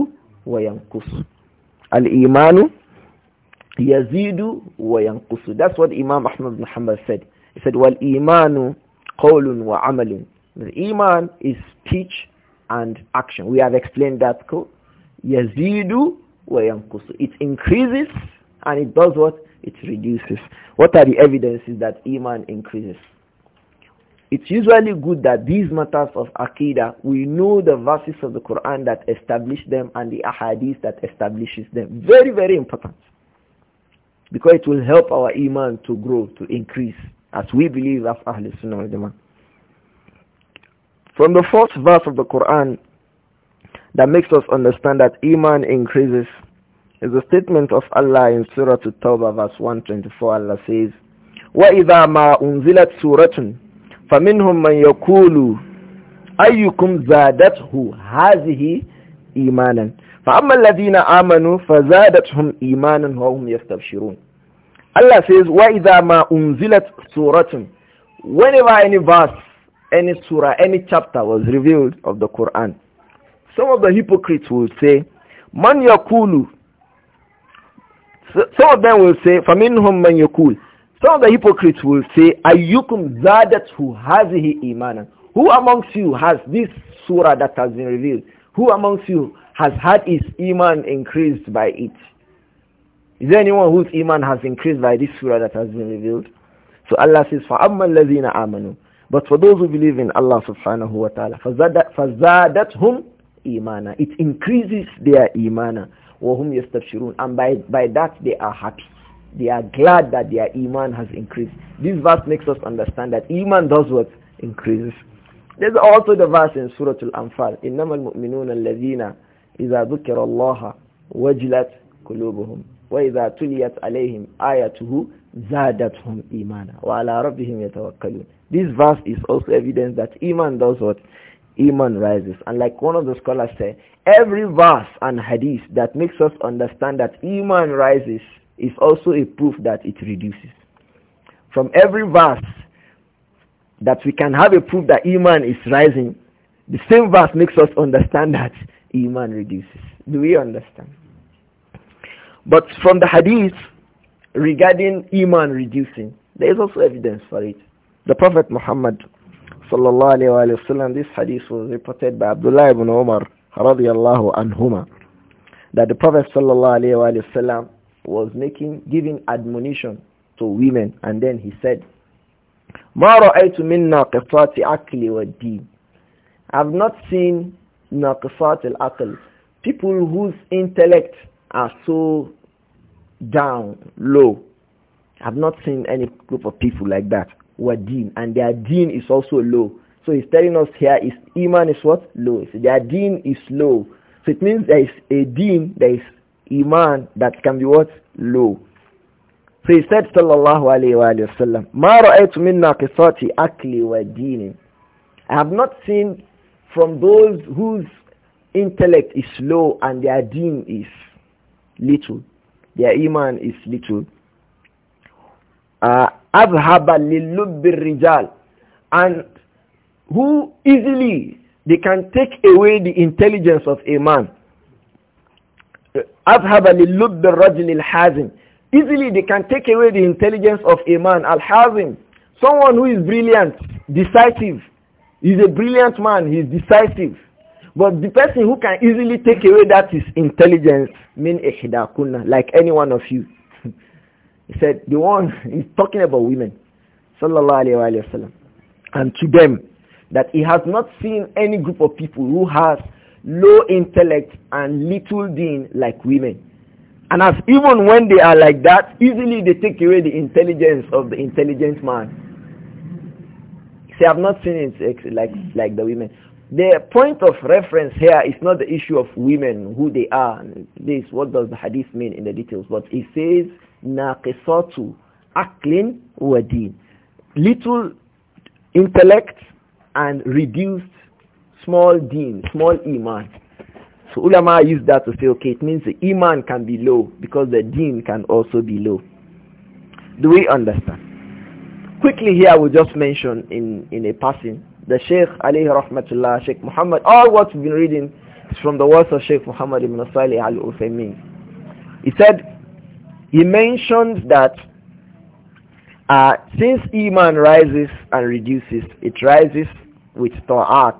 wa yankusu. Al-imanu yazidu wa yankusu. That's what Imam Ahmad ibn Hanbal said. He said, wal-imanu qawlun wa amalun. The iman is speech and action. We have explained that. Yazidu wa yankusu. It increases and it does what? It reduces. What are the evidences that iman increases? It's usually good that these matters of Aqidah, we know the verses of the Quran that establish them and the Ahadith that establishes them. Very, very important. Because it will help our Iman to grow, to increase, as we believe as Ahl Sunnah wal Jama'ah. From the fourth verse of the Quran that makes us understand that Iman increases is the statement of Allah in Surah At-Tawbah verse 124. Allah says, وَإِذَا مَا أُنزِلَتْ سُورَةٌ فمنهم من يقول أيكم زادته هذه إيمانا فأما الذين آمنوا فزادتهم إيمانا وهم يستبشرون Allah says وإذا ما أنزلت سورة whenever any verse any surah any chapter was revealed of the Quran some of the hypocrites will say man yakulu some of them will say فمنهم من يقول Some of the hypocrites will say, Ayyukum zadathu hazihi imana. Who amongst you has this surah that has been revealed? Who amongst you has had his iman increased by it? Is there anyone whose iman has increased by this surah that has been revealed? So Allah says, فَأَمَّا الَّذِينَ آمَنُوا But for those who believe in Allah subhanahu wa ta'ala, فَزَادَتْهُمْ إِيمَانًا It increases their imana. وَهُمْ يَسْتَبْشِرُونَ And by, by that they are happy. They are glad that their iman has increased. This verse makes us understand that iman does what? Increases. There's also the verse in Surah Al-Anfal, إِنَّمَا الْمُؤْمِنُونَ الَّذِينَ إِذَا ذُكِرَ اللَّهَ وَجِلَتْ قُلُوبُهُمْ وَإِذَا تُلِيَتْ عَلَيْهِمْ آيَتُهُ زَادَتْهُمْ إِيمَانًا وَعَلَى رَبِّهِمْ يَتَوَكَّلُونَ This verse is also evidence that iman does what? Iman rises. And like one of the scholars said, every verse and hadith that makes us understand that iman rises is also a proof that it reduces. From every verse that we can have a proof that Iman is rising, the same verse makes us understand [LAUGHS] that Iman reduces. Do we understand? But from the hadith regarding Iman reducing, there is also evidence for it. The Prophet Muhammad sallallahu alayhi wasallam, this hadith was reported by Abdullah ibn Umar radiyallahu anhuma, that the Prophet sallallahu alayhi wasallam was making giving admonition to women and then he said ما minna منا قصات wa din." I've not seen al العقل people whose intellect are so down low I've not seen any group of people like that din and their deen is also low so he's telling us here is iman is what low so their deen is low so it means there is a deen there is iman that can be what? Low. So he said sallallahu alayhi wa sallam, Ma ra'aytu minna qisati akli wa dini. I have not seen from those whose intellect is low and their deen is little. Their iman is little. Uh, Abhaba lilubbi rijal. And who easily, they can take away the intelligence of a man أذهب للب الرجل الحازم Easily they can take away the intelligence of a man, al-hazim. Someone who is brilliant, decisive. He's a brilliant man, he's decisive. But the person who can easily take away that is intelligence, min ihdakunna, like any one of you. [LAUGHS] he said, the one, [LAUGHS] he's talking about women. Sallallahu alayhi wa And to them, that he has not seen any group of people who has low intellect and little deen like women. And as even when they are like that, easily they take away the intelligence of the intelligent man. See, I've not seen it like, like the women. The point of reference here is not the issue of women, who they are. This, what does the hadith mean in the details? But it says, naqisatu aklin وَدِينٍ Little intellect and reduced small deen, small iman. So ulama use that to say, okay, it means the iman can be low because the deen can also be low. Do we understand? Quickly here, I will just mention in, in a passing, the Sheikh alayhi rahmatullah, Sheikh Muhammad, all what we've been reading is from the words of Sheikh Muhammad ibn Salih al-Uthaymeen. He said, he mentioned that uh, since Iman rises and reduces, it rises with ta'at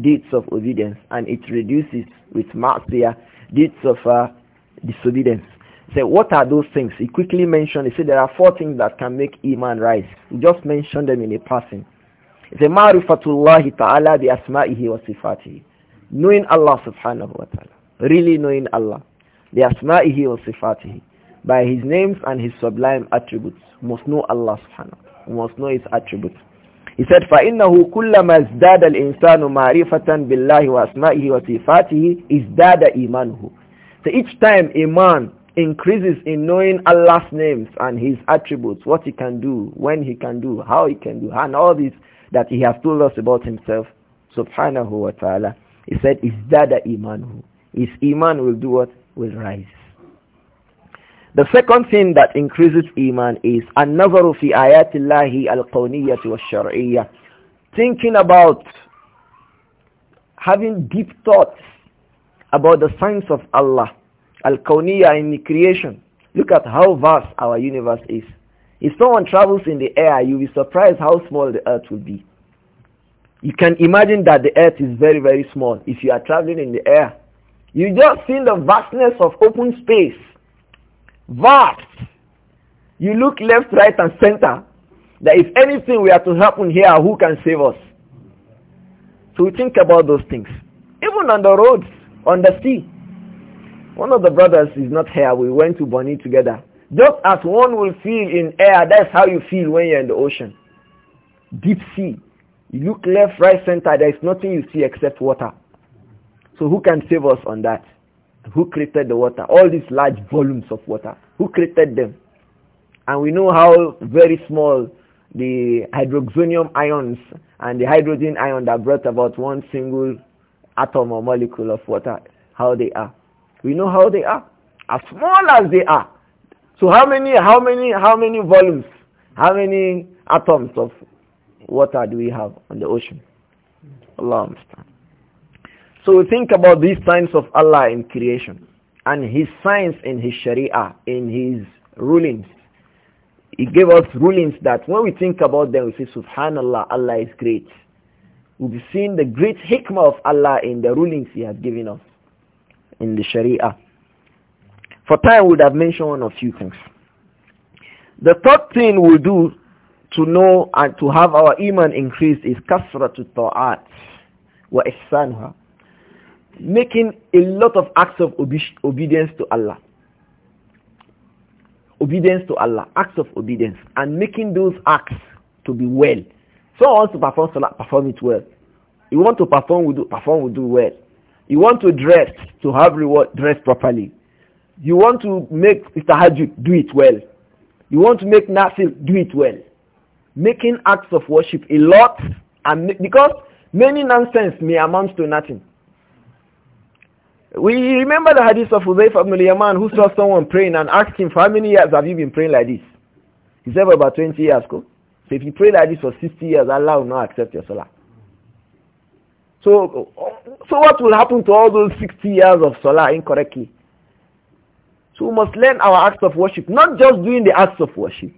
deeds of obedience and it reduces with ma'siyah deeds of uh, disobedience. So what are those things? He quickly mentioned, he said there are four things that can make Iman rise. He just mentioned them in a passing. He said, Ma'rifatullahi ta'ala bi asma'ihi wa sifatihi. Knowing Allah subhanahu wa ta'ala. Really knowing Allah. Bi asma'ihi wa sifatihi. By his names and his sublime attributes. must know Allah subhanahu wa ta'ala. must know his attributes. He said, فَإِنَّهُ كُلَّمَا ازْدَادَ الْإِنسَانُ مَعْرِفَةً بِاللَّهِ وَأَسْمَائِهِ وَصِفَاتِهِ ازْدَادَ إِيمَانُهُ So each time a man increases in knowing Allah's names and His attributes, what He can do, when He can do, how He can do, and all this that He has told us about Himself, subhanahu wa ta'ala. He said, izdada imanhu. His iman will do what? Will rise. The second thing that increases iman is an-nazaru fi ayatillahi al-qawniyyati wash-shar'iyyah. Thinking about having deep thoughts about the signs of Allah, al-kawniyya in the creation. Look at how vast our universe is. If someone travels in the air, you'll be surprised how small the earth will be. You can imagine that the earth is very, very small if you are traveling in the air. You just see the vastness of open space. Vast. You look left, right, and center. That if anything were to happen here, who can save us? So we think about those things. Even on the roads, on the sea. One of the brothers is not here. We went to Bonny together. Just as one will feel in air, that's how you feel when you're in the ocean. Deep sea. You look left, right, center. There is nothing you see except water. So who can save us on that? Who created the water? All these large volumes of water. Who created them? And we know how very small the hydroxonium ions and the hydrogen ion that brought about one single atom or molecule of water, how they are. We know how they are. As small as they are. So how many, how many, how many volumes, how many atoms of water do we have on the ocean? Allah understand. So we think about these signs of Allah in creation and his signs in his sharia, in his rulings. He gave us rulings that when we think about them, we say, Subhanallah, Allah is great. we have seen the great hikmah of Allah in the rulings he has given us in the sharia. For time, we would have mentioned one of few things. The third thing we'll do to know and to have our iman increased is kasratu ta'at wa ihsanha making a lot of acts of obe obedience to Allah. Obedience to Allah, acts of obedience, and making those acts to be well. Someone wants to perform salah, perform it well. You want to perform, do perform, do well. You want to dress, to have reward, dress properly. You want to make Hajj do it well. You want to make nafil, do it well. Making acts of worship a lot, and because many nonsense may amount to nothing. We remember the hadith of Uzayf ibn yaman who saw someone praying and asked him, for how many years have you been praying like this? He said, about 20 years ago. So if you pray like this for 60 years, Allah will not accept your salah. So, so what will happen to all those 60 years of salah incorrectly? So we must learn our acts of worship, not just doing the acts of worship,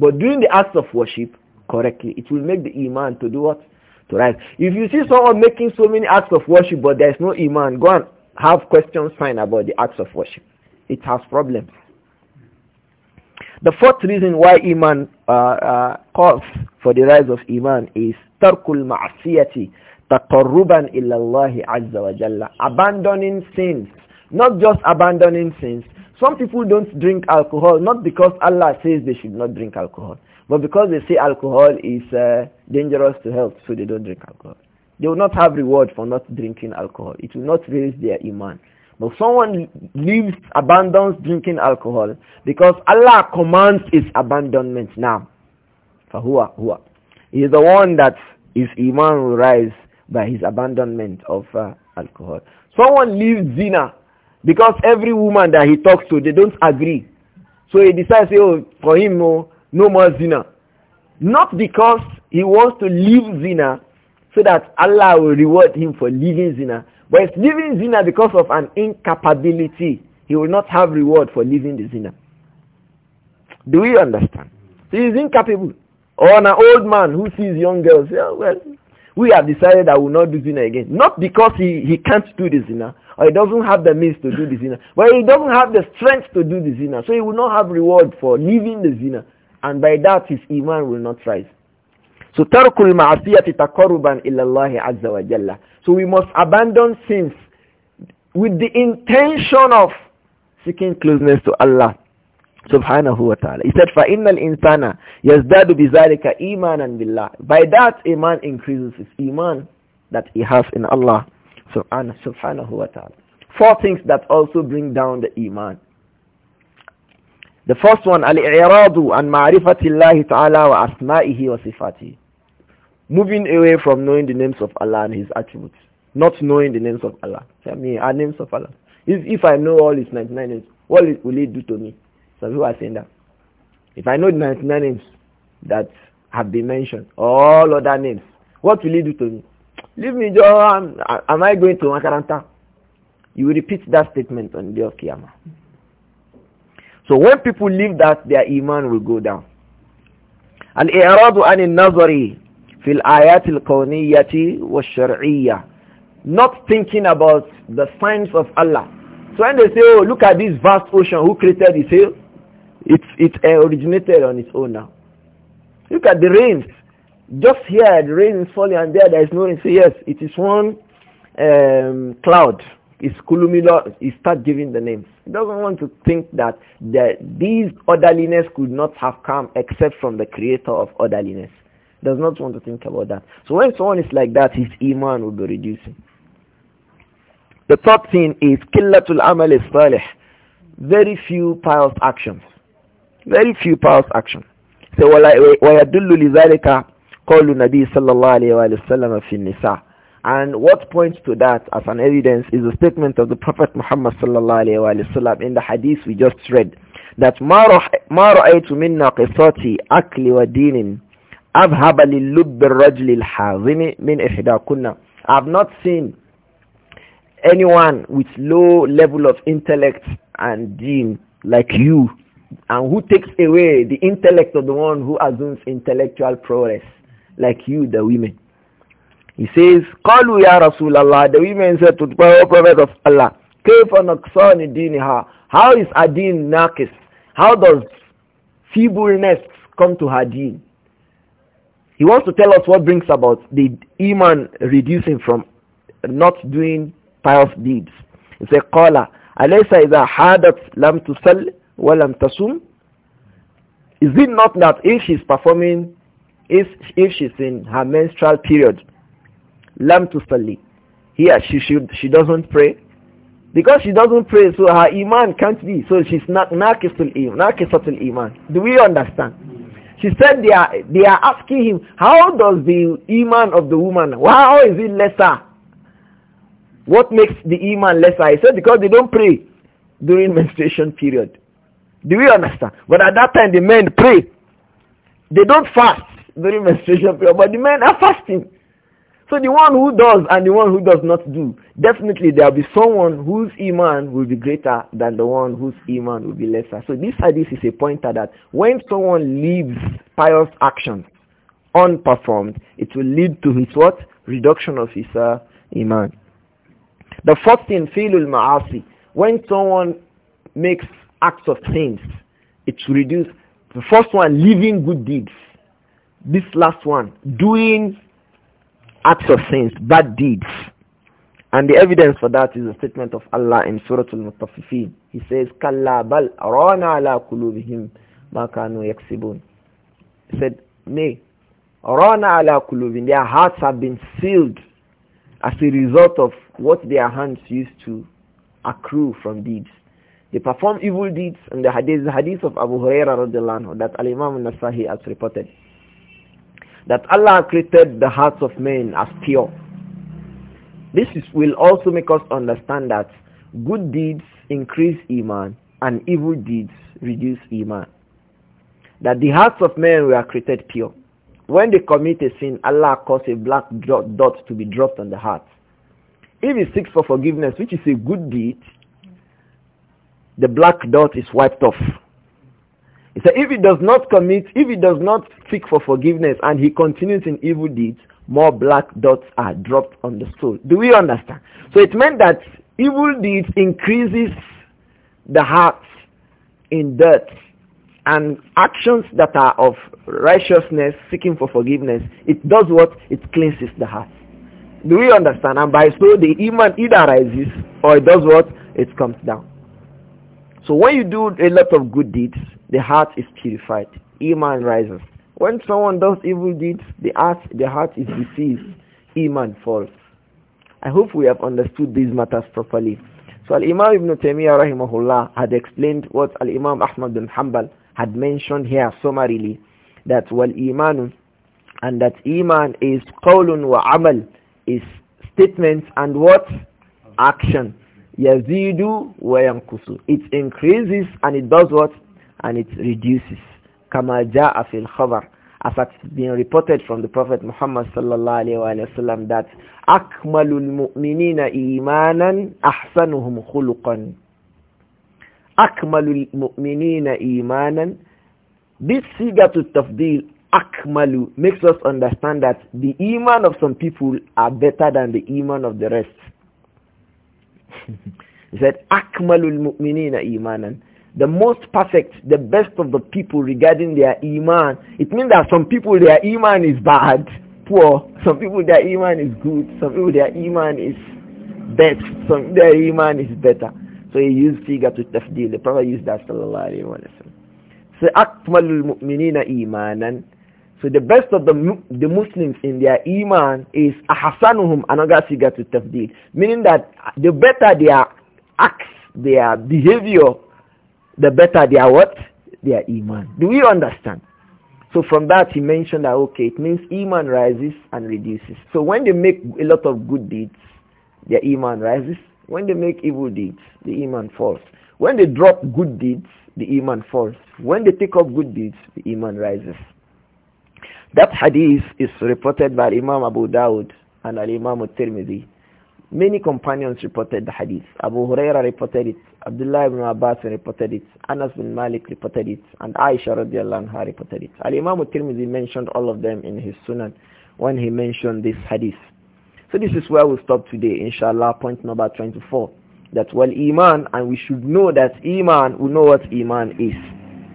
but doing the acts of worship correctly. It will make the iman to do what? To rise. If you see someone making so many acts of worship, but there is no iman, go and have questions fine about the acts of worship. It has problems. The fourth reason why iman uh, uh, calls for the rise of iman is tarkul ma'asiyati taqarruban illa Allah azza wa jalla. Abandoning sins, not just abandoning sins. Some people don't drink alcohol not because Allah says they should not drink alcohol, but because they say alcohol is uh, dangerous to health, so they don't drink alcohol. They will not have reward for not drinking alcohol. It will not raise their iman. But someone leaves, abandons drinking alcohol because Allah commands its abandonment now. Fahuwa, huwa. He is the one that his iman will rise by his abandonment of uh, alcohol. Someone leaves zina because every woman that he talks to, they don't agree. So he decides, oh, for him, no, oh, no more zina. Not because he wants to leave zina, so that Allah will reward him for leaving zina. But if leaving zina because of an incapability, he will not have reward for leaving the zina. Do we understand? He is incapable. Or an old man who sees young girls, yeah, well, we have decided I will not do zina again. Not because he, he can't do the zina, or he doesn't have the means to do the zina, but he doesn't have the strength to do the zina, so he will not have reward for leaving the zina. And by that, his iman will not rise. So tarkul ma'asiyati taqarruban ila Allah azza wa jalla. So we must abandon sins with the intention of seeking closeness to Allah subhanahu wa ta'ala. He said, فَإِنَّ الْإِنسَانَ يَزْدَادُ بِذَلِكَ imanan billah." By that, a man increases his iman that he has in Allah subhanahu wa ta'ala. Four things that also bring down the iman. The first one, al-i'radu an ma'rifati Allah ta'ala wa asma'ihi wa sifatihi. Moving away from knowing the names of Allah and his attributes. Not knowing the names of Allah. Tell me, are names of Allah. If, if I know all his 99 names, what will it do to me? Some who are saying that. If I know the 99 names that have been mentioned, all other names, what will it do to me? Leave me, alone. Am I going to Makaranta? You will repeat that statement on the day of Qiyamah. So when people leave that, their iman will go down. and iradu an nazari في الآيات الكونية والشرعية not thinking about the signs of Allah so when they say oh look at this vast ocean who created it say it, it originated on its own now look at the rains just here the rain is falling and there there is no rain say so yes it is one um, cloud is Kulumilo, he start giving the names. He doesn't want to think that, that these orderliness could not have come except from the creator of orderliness does not want to think about that. So when someone is like that, his iman will be reducing. The third thing is killatul amal salih. Very few pious actions. Very few pious actions. So ويدل لذلك قول النبي صلى الله عليه وسلم في النساء. And what points to that as an evidence is the statement of the Prophet Muhammad sallallahu alayhi wasallam in the hadith we just read that ما رأيت منا akli wa dinin. أذهب للب الرجل الحازم من إحداكن I've not seen anyone with low level of intellect and deen like you and who takes away the intellect of the one who assumes intellectual prowess like you the women he says we ya rasulallah the women said to the prophet of allah كيف نقصان dinha how is adin naqis how does feebleness come to her deen he wants to tell us what brings about the iman reducing from not doing pious deeds. He said, Qala, alaysa idha hadat lam tusal wa lam tasum? Is it not that if she's performing, if, if she's in her menstrual period, lam tusalli, here she, should, she doesn't pray? Because she doesn't pray, so her iman can't be. So she's not naqisatul iman. Do we understand? She said they are, they are asking him, how does the iman of the woman, how is it lesser? What makes the iman lesser? He said because they don't pray during [LAUGHS] menstruation period. Do we understand? But at that time the men pray. They don't fast during [LAUGHS] menstruation period, but the men are fasting. So the one who does and the one who does not do, definitely there will be someone whose iman will be greater than the one whose iman will be lesser. So this hadith is a pointer that when someone leaves pious actions unperformed, it will lead to his what? Reduction of his uh, iman. The first thing, filul ma'asi, when someone makes acts of sins, it will reduce. The first one, leaving good deeds. This last one, doing acts of sins, bad deeds. And the evidence for that is the statement of Allah in Surah Al-Mutaffifin. He says, كَلَّا بَلْ رَانَ ala قُلُوبِهِمْ مَا كَانُوا He said, nay, رَانَ ala قُلُوبِهِمْ Their hearts have been sealed as a result of what their hands used to accrue from deeds. They perform evil deeds and the hadith, the hadith of Abu Hurairah that Al-Imam al-Nasahi has reported that Allah created the hearts of men as pure. This is, will also make us understand that good deeds increase Iman and evil deeds reduce Iman. That the hearts of men were created pure. When they commit a sin, Allah caused a black dot to be dropped on the heart. If he seeks for forgiveness, which is a good deed, the black dot is wiped off he said, if he does not commit, if he does not seek for forgiveness and he continues in evil deeds, more black dots are dropped on the stone. Do we understand? So it meant that evil deeds increases the heart in dirt and actions that are of righteousness, seeking for forgiveness, it does what? It cleanses the heart. Do we understand? And by so the iman either rises or it does what? It comes down. So when you do a lot of good deeds, the heart is purified. Iman rises. When someone does evil deeds, the heart, the heart is deceived. Iman falls. I hope we have understood these matters properly. So Al-Imam Ibn Taymiyyah rahimahullah had explained what Al-Imam Ahmad bin Hanbal had mentioned here summarily that wal iman and that iman is qawlun wa amal is statements and what action yazidu wa yankusu. It increases and it does what? And it reduces. Kama jaa fil khabar. As it been reported from the Prophet Muhammad sallallahu alayhi wa sallam that akmalul mu'minina imanan ahsanuhum khuluqan. Akmalul mu'minina imanan. This figure to tafdil akmalu makes us understand that the iman of some people are better than the iman of the rest he said, Akmalul mu'minina imanan. The most perfect, the best of the people regarding their iman. It means that some people, their iman is bad, poor. Some people, their iman is good. Some people, their iman is best. Some their iman is better. So he used figure to tafdeel. The Prophet used that sallallahu alaihi wasallam. sallam. So, Akmalul mu'minina imanan. So the best of the, the Muslims in their iman is ahasanuhum another siga to tafdeel, meaning that the better their acts, their behavior, the better their what? Their iman. Do we understand? So from that he mentioned that okay, it means iman rises and reduces. So when they make a lot of good deeds, their iman rises. When they make evil deeds, the iman falls. When they drop good deeds, the iman falls. When they take up good deeds, the iman rises. That hadith is reported by Imam Abu Dawud and Imam al-Tirmidhi. Many companions reported the hadith. Abu Huraira reported it, Abdullah ibn Abbas reported it, Anas bin Malik reported it, and Aisha radiallahu anha reported it. Al-Imam al-Tirmidhi mentioned all of them in his Sunan when he mentioned this hadith. So this is where we'll stop today, inshallah, point number 24. That well, Iman, and we should know that Iman, we know what Iman is.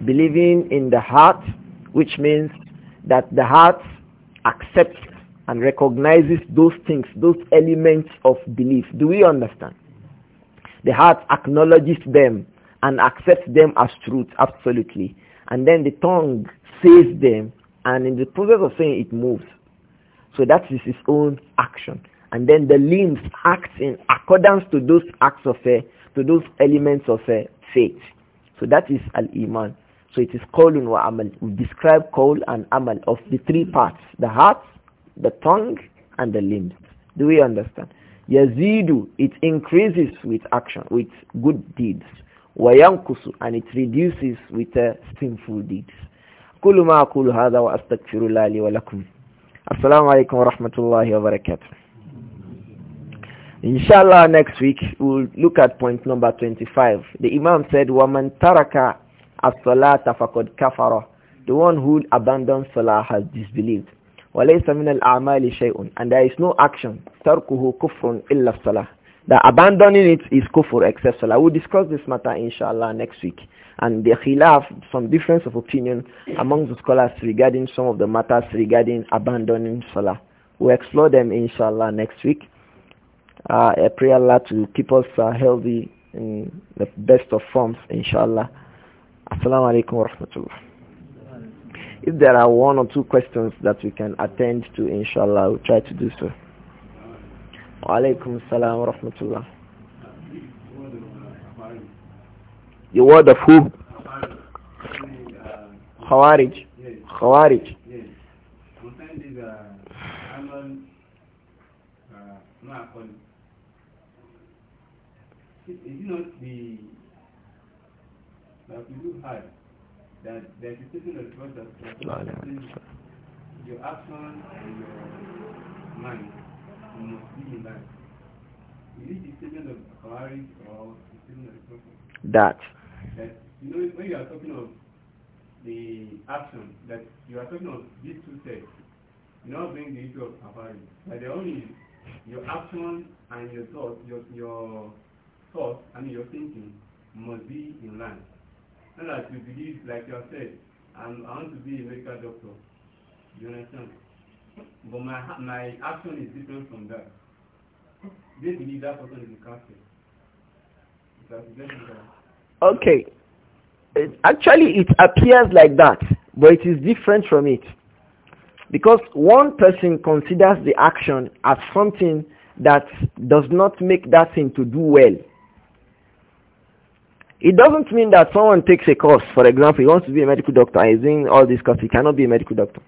Believing in the heart, which means that the heart accepts and recognizes those things, those elements of belief. Do we understand? The heart acknowledges them and accepts them as truth, absolutely. And then the tongue says them, and in the process of saying it moves. So that is its own action. And then the limbs act in accordance to those acts of faith, eh, to those elements of eh, faith. So that is al-Iman. So it is qawlun wa amal. We describe qawl and amal of the three parts, the heart, the tongue, and the limbs. Do we understand? Yazidu, it increases with action, with good deeds. Wayankusu, and it reduces with uh, sinful deeds. كل ما أقول هذا وأستغفر الله لي ولكم السلام عليكم ورحمة الله وبركاته Inshallah next week we'll look at point number 25. The Imam said, وَمَنْ تَرَكَ as-salata faqad kafara. The one who abandons salah has disbelieved. وَلَيْسَ al الْأَعْمَالِ شَيْءٌ And there is no action. تَرْكُهُ kufun illa salah The abandoning it is kufur except salah. We'll discuss this matter inshallah next week. And the khilaf, some difference of opinion among the scholars regarding some of the matters regarding abandoning salah. We'll explore them inshallah next week. Uh, I pray Allah to keep us uh, healthy in the best of forms inshallah. Assalamu alaikum wa rahmatullah. If there are one or two questions that we can attend to, inshallah, we'll try to do so. Wa alaikum salam wa rahmatullah. The word of who? Khawarij. Khawarij. Is it not the that you had, that the existing of process your action and your mind must be in line. Is it the statement of Khawarij or the statement of the That. That, you know, when you are talking of the action, that you are talking of these two sets, you not bring the issue of Khawarij. But the only your action and your thought, your, your thought, I mean your thinking must be in line so that you believe like you have said I'm, i want to be a medical doctor you understand but my my action is different from that they believe that person is a cancer okay it, actually it appears like that but it is different from it because one person considers the action as something that does not make that thing to do well it doesn't mean that someone takes a course. For example, he wants to be a medical doctor. He's doing all these courses. He cannot be a medical doctor.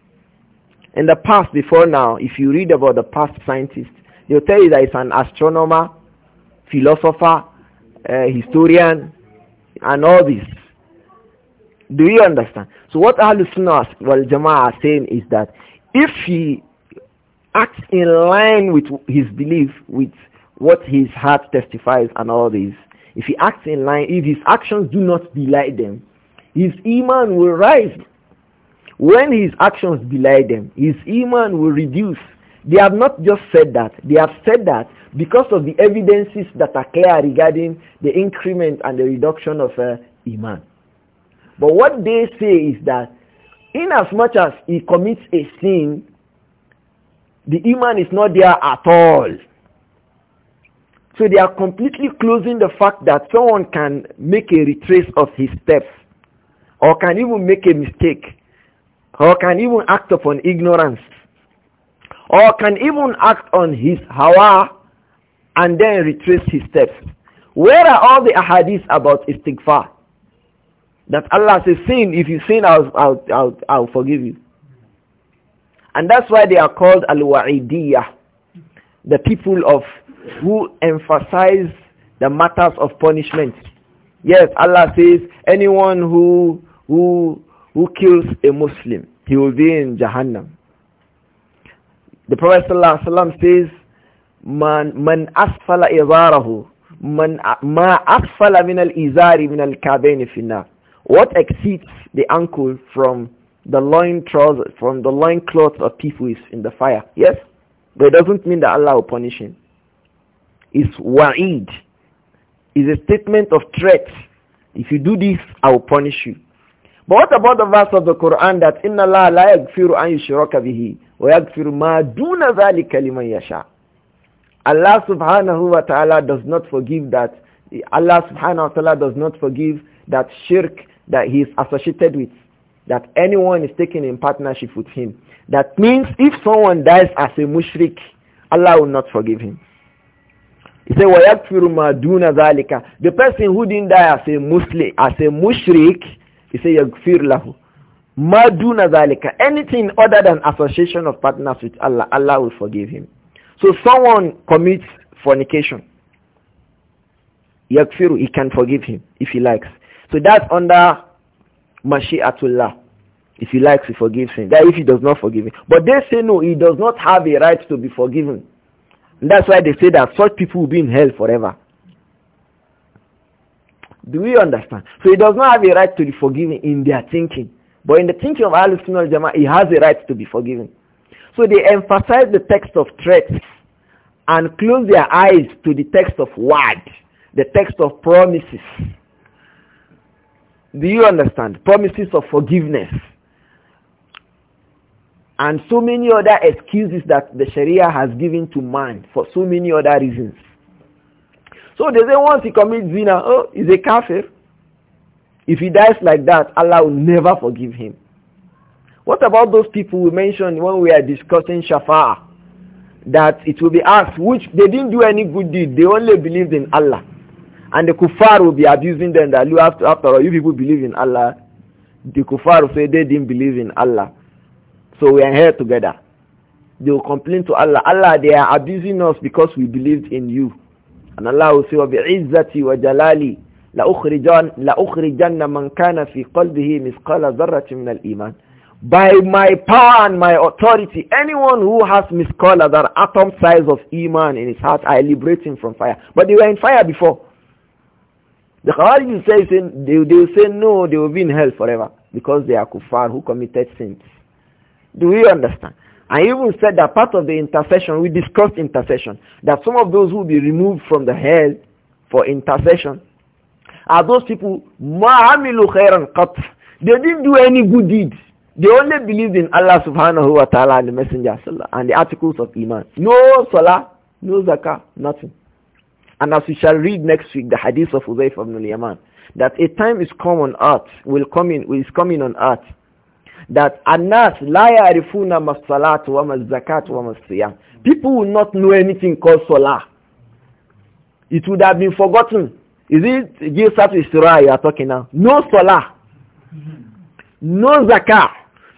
In the past, before now, if you read about the past scientists, they'll tell you that he's an astronomer, philosopher, uh, historian, and all this. Do you understand? So what Ahlul Sunnah well Jama'ah are saying is that if he acts in line with his belief, with what his heart testifies and all this, if he acts in line, if his actions do not belie them, his iman will rise. When his actions belie them, his iman will reduce. They have not just said that. They have said that because of the evidences that are clear regarding the increment and the reduction of uh, iman. But what they say is that in as much as he commits a sin, the iman is not there at all. So they are completely closing the fact that someone can make a retrace of his steps or can even make a mistake or can even act upon ignorance or can even act on his hawa and then retrace his steps. Where are all the ahadith about istighfar? That Allah says, sin, if you sin, I'll, I'll, I'll, I'll forgive you. And that's why they are called al-wa'idiyah, the people of who emphasize the matters of punishment. Yes, Allah says anyone who who who kills a Muslim, he will be in Jahannam. The Prophet says, "Man man asfala izarahu, man ma asfala min al izari min al kabain finnar." What exceeds the ankle from the loin trousers, from the loin cloth of people is in the fire. Yes, but it doesn't mean that Allah will punish him is wa'id. Is a statement of threat. If you do this, I will punish you. But what about the verse of the Quran that inna Allah la yaghfiru an yushraka bihi wa yaghfiru ma duna dhalika liman yasha. Allah subhanahu wa ta'ala does not forgive that Allah subhanahu wa ta'ala does not forgive that shirk that he is associated with that anyone is taken in partnership with him. That means if someone dies as a mushrik, Allah will not forgive him. He said, وَيَكْفِرُ مَا دُونَ ذَلِكَ The person who didn't die as a Muslim, as a mushrik, he said, يَغْفِرْ لَهُ مَا دُونَ ذَلِكَ Anything other than association of partners with Allah, Allah will forgive him. So someone commits fornication. Yakfiru, he can forgive him if he likes. So that's under Mashi'atullah. If he likes, he forgives him. That if he does not forgive him. But they say no, he does not have a right to be forgiven. And that's why they say that such people will be in hell forever. Do we understand? So he does not have a right to be forgiven in their thinking. But in the thinking of Allah Sunnah al he has a right to be forgiven. So they emphasize the text of threats and close their eyes to the text of word, the text of promises. Do you understand? Promises of forgiveness and so many other excuses that the Sharia has given to man for so many other reasons. So they say once he commits zina, oh, he's a kafir. If he dies like that, Allah will never forgive him. What about those people we mentioned when we are discussing Shafa? That it will be asked, which they didn't do any good deed, they only believed in Allah. And the kuffar will be abusing them that after, after all, you people believe in Allah. The kuffar will say they didn't believe in Allah so we are here together. They will complain to Allah. Allah, they are abusing us because we believed in you. And Allah will say, وَبِعِزَّتِي وَجَلَالِي لأخرجن, من كان في قلبه مثقال ذرة من الإيمان By my power and my authority, anyone who has miscall that atom size of iman in his heart, I liberate him from fire. But they were in fire before. The Khawarij will say, they, they will say no, they will be in hell forever because they are kuffar who committed sins. Do we understand? I even said that part of the intercession, we discussed intercession, that some of those who will be removed from the hell for intercession are those people, ma'amilu khairan qat. They didn't do any good deeds. They only believed in Allah subhanahu wa ta'ala and the messenger and the articles of Iman. No salah, no zakah, nothing. And as we shall read next week, the hadith of Uzayf ibn al-Yaman, that a time is come on earth, will come in, is coming on earth, that anas laya yarifuna masalatu wa mazakat wa masiyam. People will not know anything called solar. It would have been forgotten. Is it Gilsat Isra you are talking now? No solar, No zakah.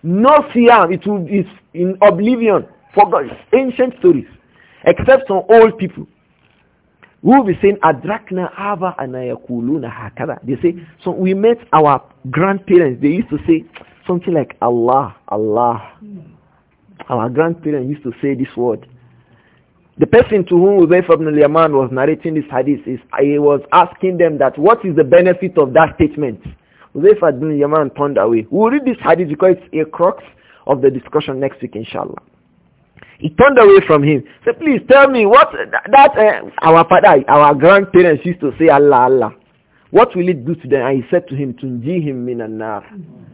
No siyam. It would is in oblivion. Forgotten. Ancient stories. Except some old people we will be saying adrakna ava anayakuluna hakada they say so we met our grandparents they used to say something like Allah, Allah. Hmm. Our grandparents used to say this word. The person to whom Uzayf ibn al-Yaman was narrating this hadith, is, he was asking them that what is the benefit of that statement? Uzayf ibn al-Yaman turned away. We'll read this hadith because it's a crux of the discussion next week, inshallah. He turned away from him. Said, so please tell me what that uh, our father, our grandparents used to say Allah, Allah. What will it do to them? And he said to him, Tunji him minan nar. Mm -hmm.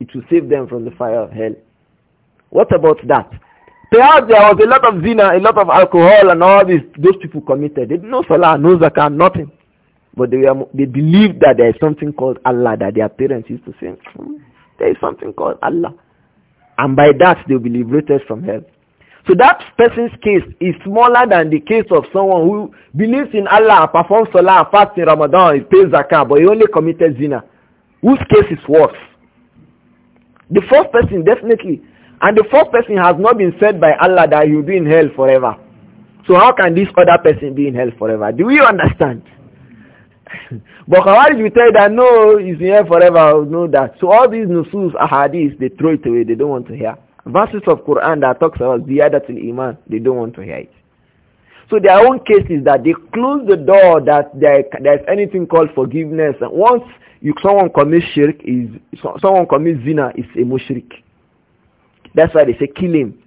It will save them from the fire of hell. What about that? Perhaps there was a lot of zina, a lot of alcohol and all these those people committed. They didn't know Salah, no Zakah, nothing. But they, were, they believed that there is something called Allah that their parents used to say, hmm, there is something called Allah. And by that they will be liberated from hell. So that person's case is smaller than the case of someone who believes in Allah, performs Salah, fasts in Ramadan, pays Zakah, but he only committed zina. Whose case is worse? The fourth person, definitely. And the fourth person has not been said by Allah that he will be in hell forever. So how can this other person be in hell forever? Do you understand? [LAUGHS] but did you tell that no, he's in hell forever, no that. So all these nusus, Ahadis, they throw it away, they don't want to hear. Verses of Quran that talks about ziyadatul iman, they don't want to hear it. So their own case is that they close the door that there, there's anything called forgiveness. And once you, someone commits shirk is someone commits zina is a mushrik. That's why they say kill him.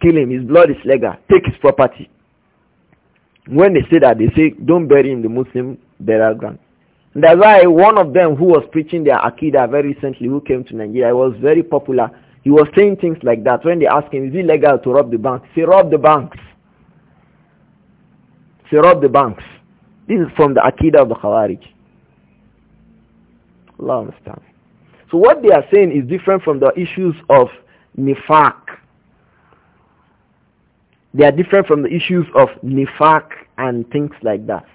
Kill him. His blood is legal. Take his property. When they say that, they say don't bury him the Muslim burial ground. And that's why one of them who was preaching their akida very recently, who came to Nigeria, was very popular. He was saying things like that. When they asked him, is it legal to rob the bank? He said, rob the banks. He said, rob the banks. This is from the akida of the Khawarij. Allah understand. So what they are saying is different from the issues of nifaq. They are different from the issues of nifaq and things like that.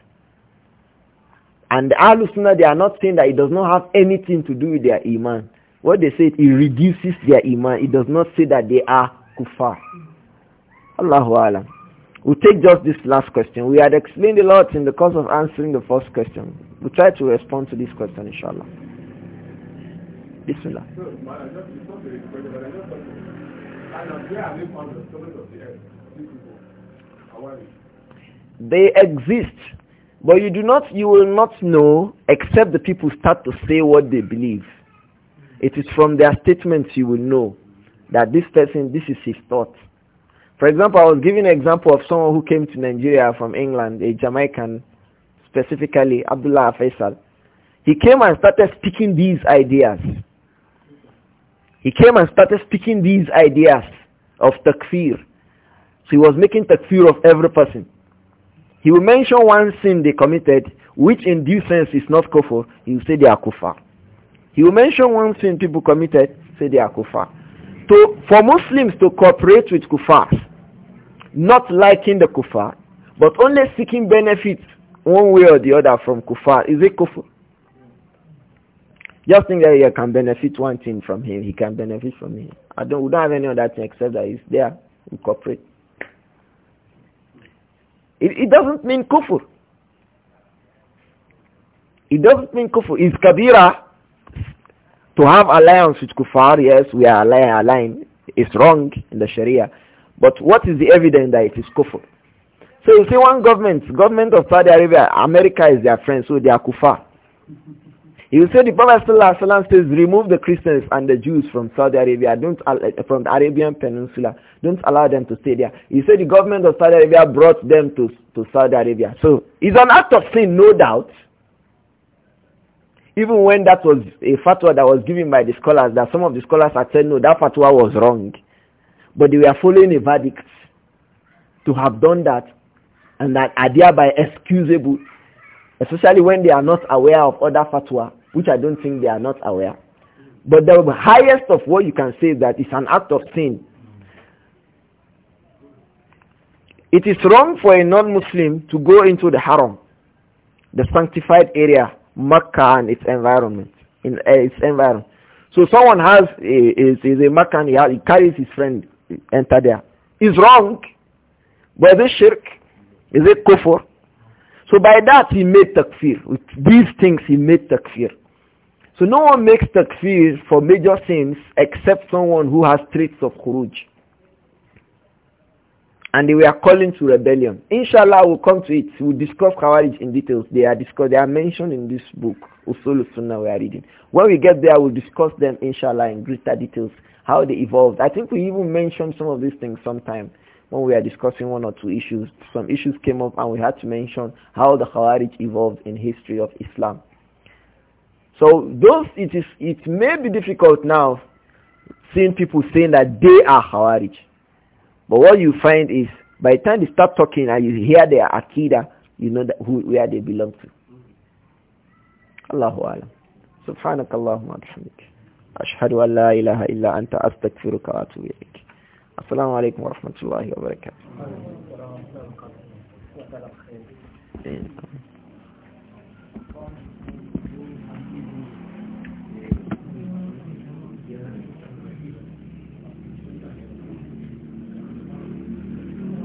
And the Ahlul Sunnah, they are not saying that it does not have anything to do with their iman. What they say, it reduces their iman. It does not say that they are kuffar. Allahu Alam. We'll take just this last question. We had explained a lot in the course of answering the first question. We'll try to respond to this question, inshallah. They exist, but you do not, you will not know except the people start to say what they believe. It is from their statements you will know that this person, this is his thought. For example, I was giving an example of someone who came to Nigeria from England, a Jamaican, specifically Abdullah Faisal. He came and started speaking these ideas. He came and started speaking these ideas of takfir. So he was making takfir of every person. He will mention one sin they committed, which in due sense is not kufr. He will say they are kufar. He will mention one sin people committed, say they are kufar. So for Muslims to cooperate with kufars, not liking the kufar, but only seeking benefits one way or the other from kufar, is it kufr? Just think that you can benefit one thing from him. He can benefit from him. I don't, we don't have any other thing except that he's there. Incorporate. It, it doesn't mean kufur. It doesn't mean kufur. Is kabira to have alliance with kufar? Yes, we are allying. allying. It's wrong in the Sharia. But what is the evidence that it is kufur? So you see one government, government of Saudi Arabia, America is their friend, so they are kufar. You say the Prophet ﷺ says, remove the Christians and the Jews from Saudi Arabia, don't from the Arabian Peninsula. Don't allow them to stay there. You say the government of Saudi Arabia brought them to, to Saudi Arabia. So it's an act of sin, no doubt. Even when that was a fatwa that was given by the scholars, that some of the scholars had said, no, that fatwa was wrong. But they were following a verdict to have done that and that are thereby excusable, especially when they are not aware of other fatwa which I don't think they are not aware. But the highest of what you can say that is an act of sin. It is wrong for a non-Muslim to go into the haram, the sanctified area, Makkah and its environment, in uh, its environment. So someone has a, is, is a Makkah he, has, he carries his friend enter there. It's wrong. But is it shirk? Is it kufr? So by that he made takfir. With these things he made takfir. So no one makes takfir for major sins except someone who has traits of khuruj. And they were calling to rebellion. Inshallah, we'll come to it. We'll discuss Khawarij in details. They are discussed. They are mentioned in this book, Usul Sunnah we are reading. When we get there, we'll discuss them, inshallah, in greater details, how they evolved. I think we even mentioned some of these things sometime when we are discussing one or two issues. Some issues came up and we had to mention how the Khawarij evolved in history of Islam. So those it is it may be difficult now seeing people saying that they are Khawarij. But what you find is by the time they start talking and you hear their Akida, you know that who where they belong to. Allahu Alam. سبحانك اللهم وبحمدك أشهد أن لا إله إلا أنت أستغفرك وأتوب إليك السلام عليكم ورحمة الله وبركاته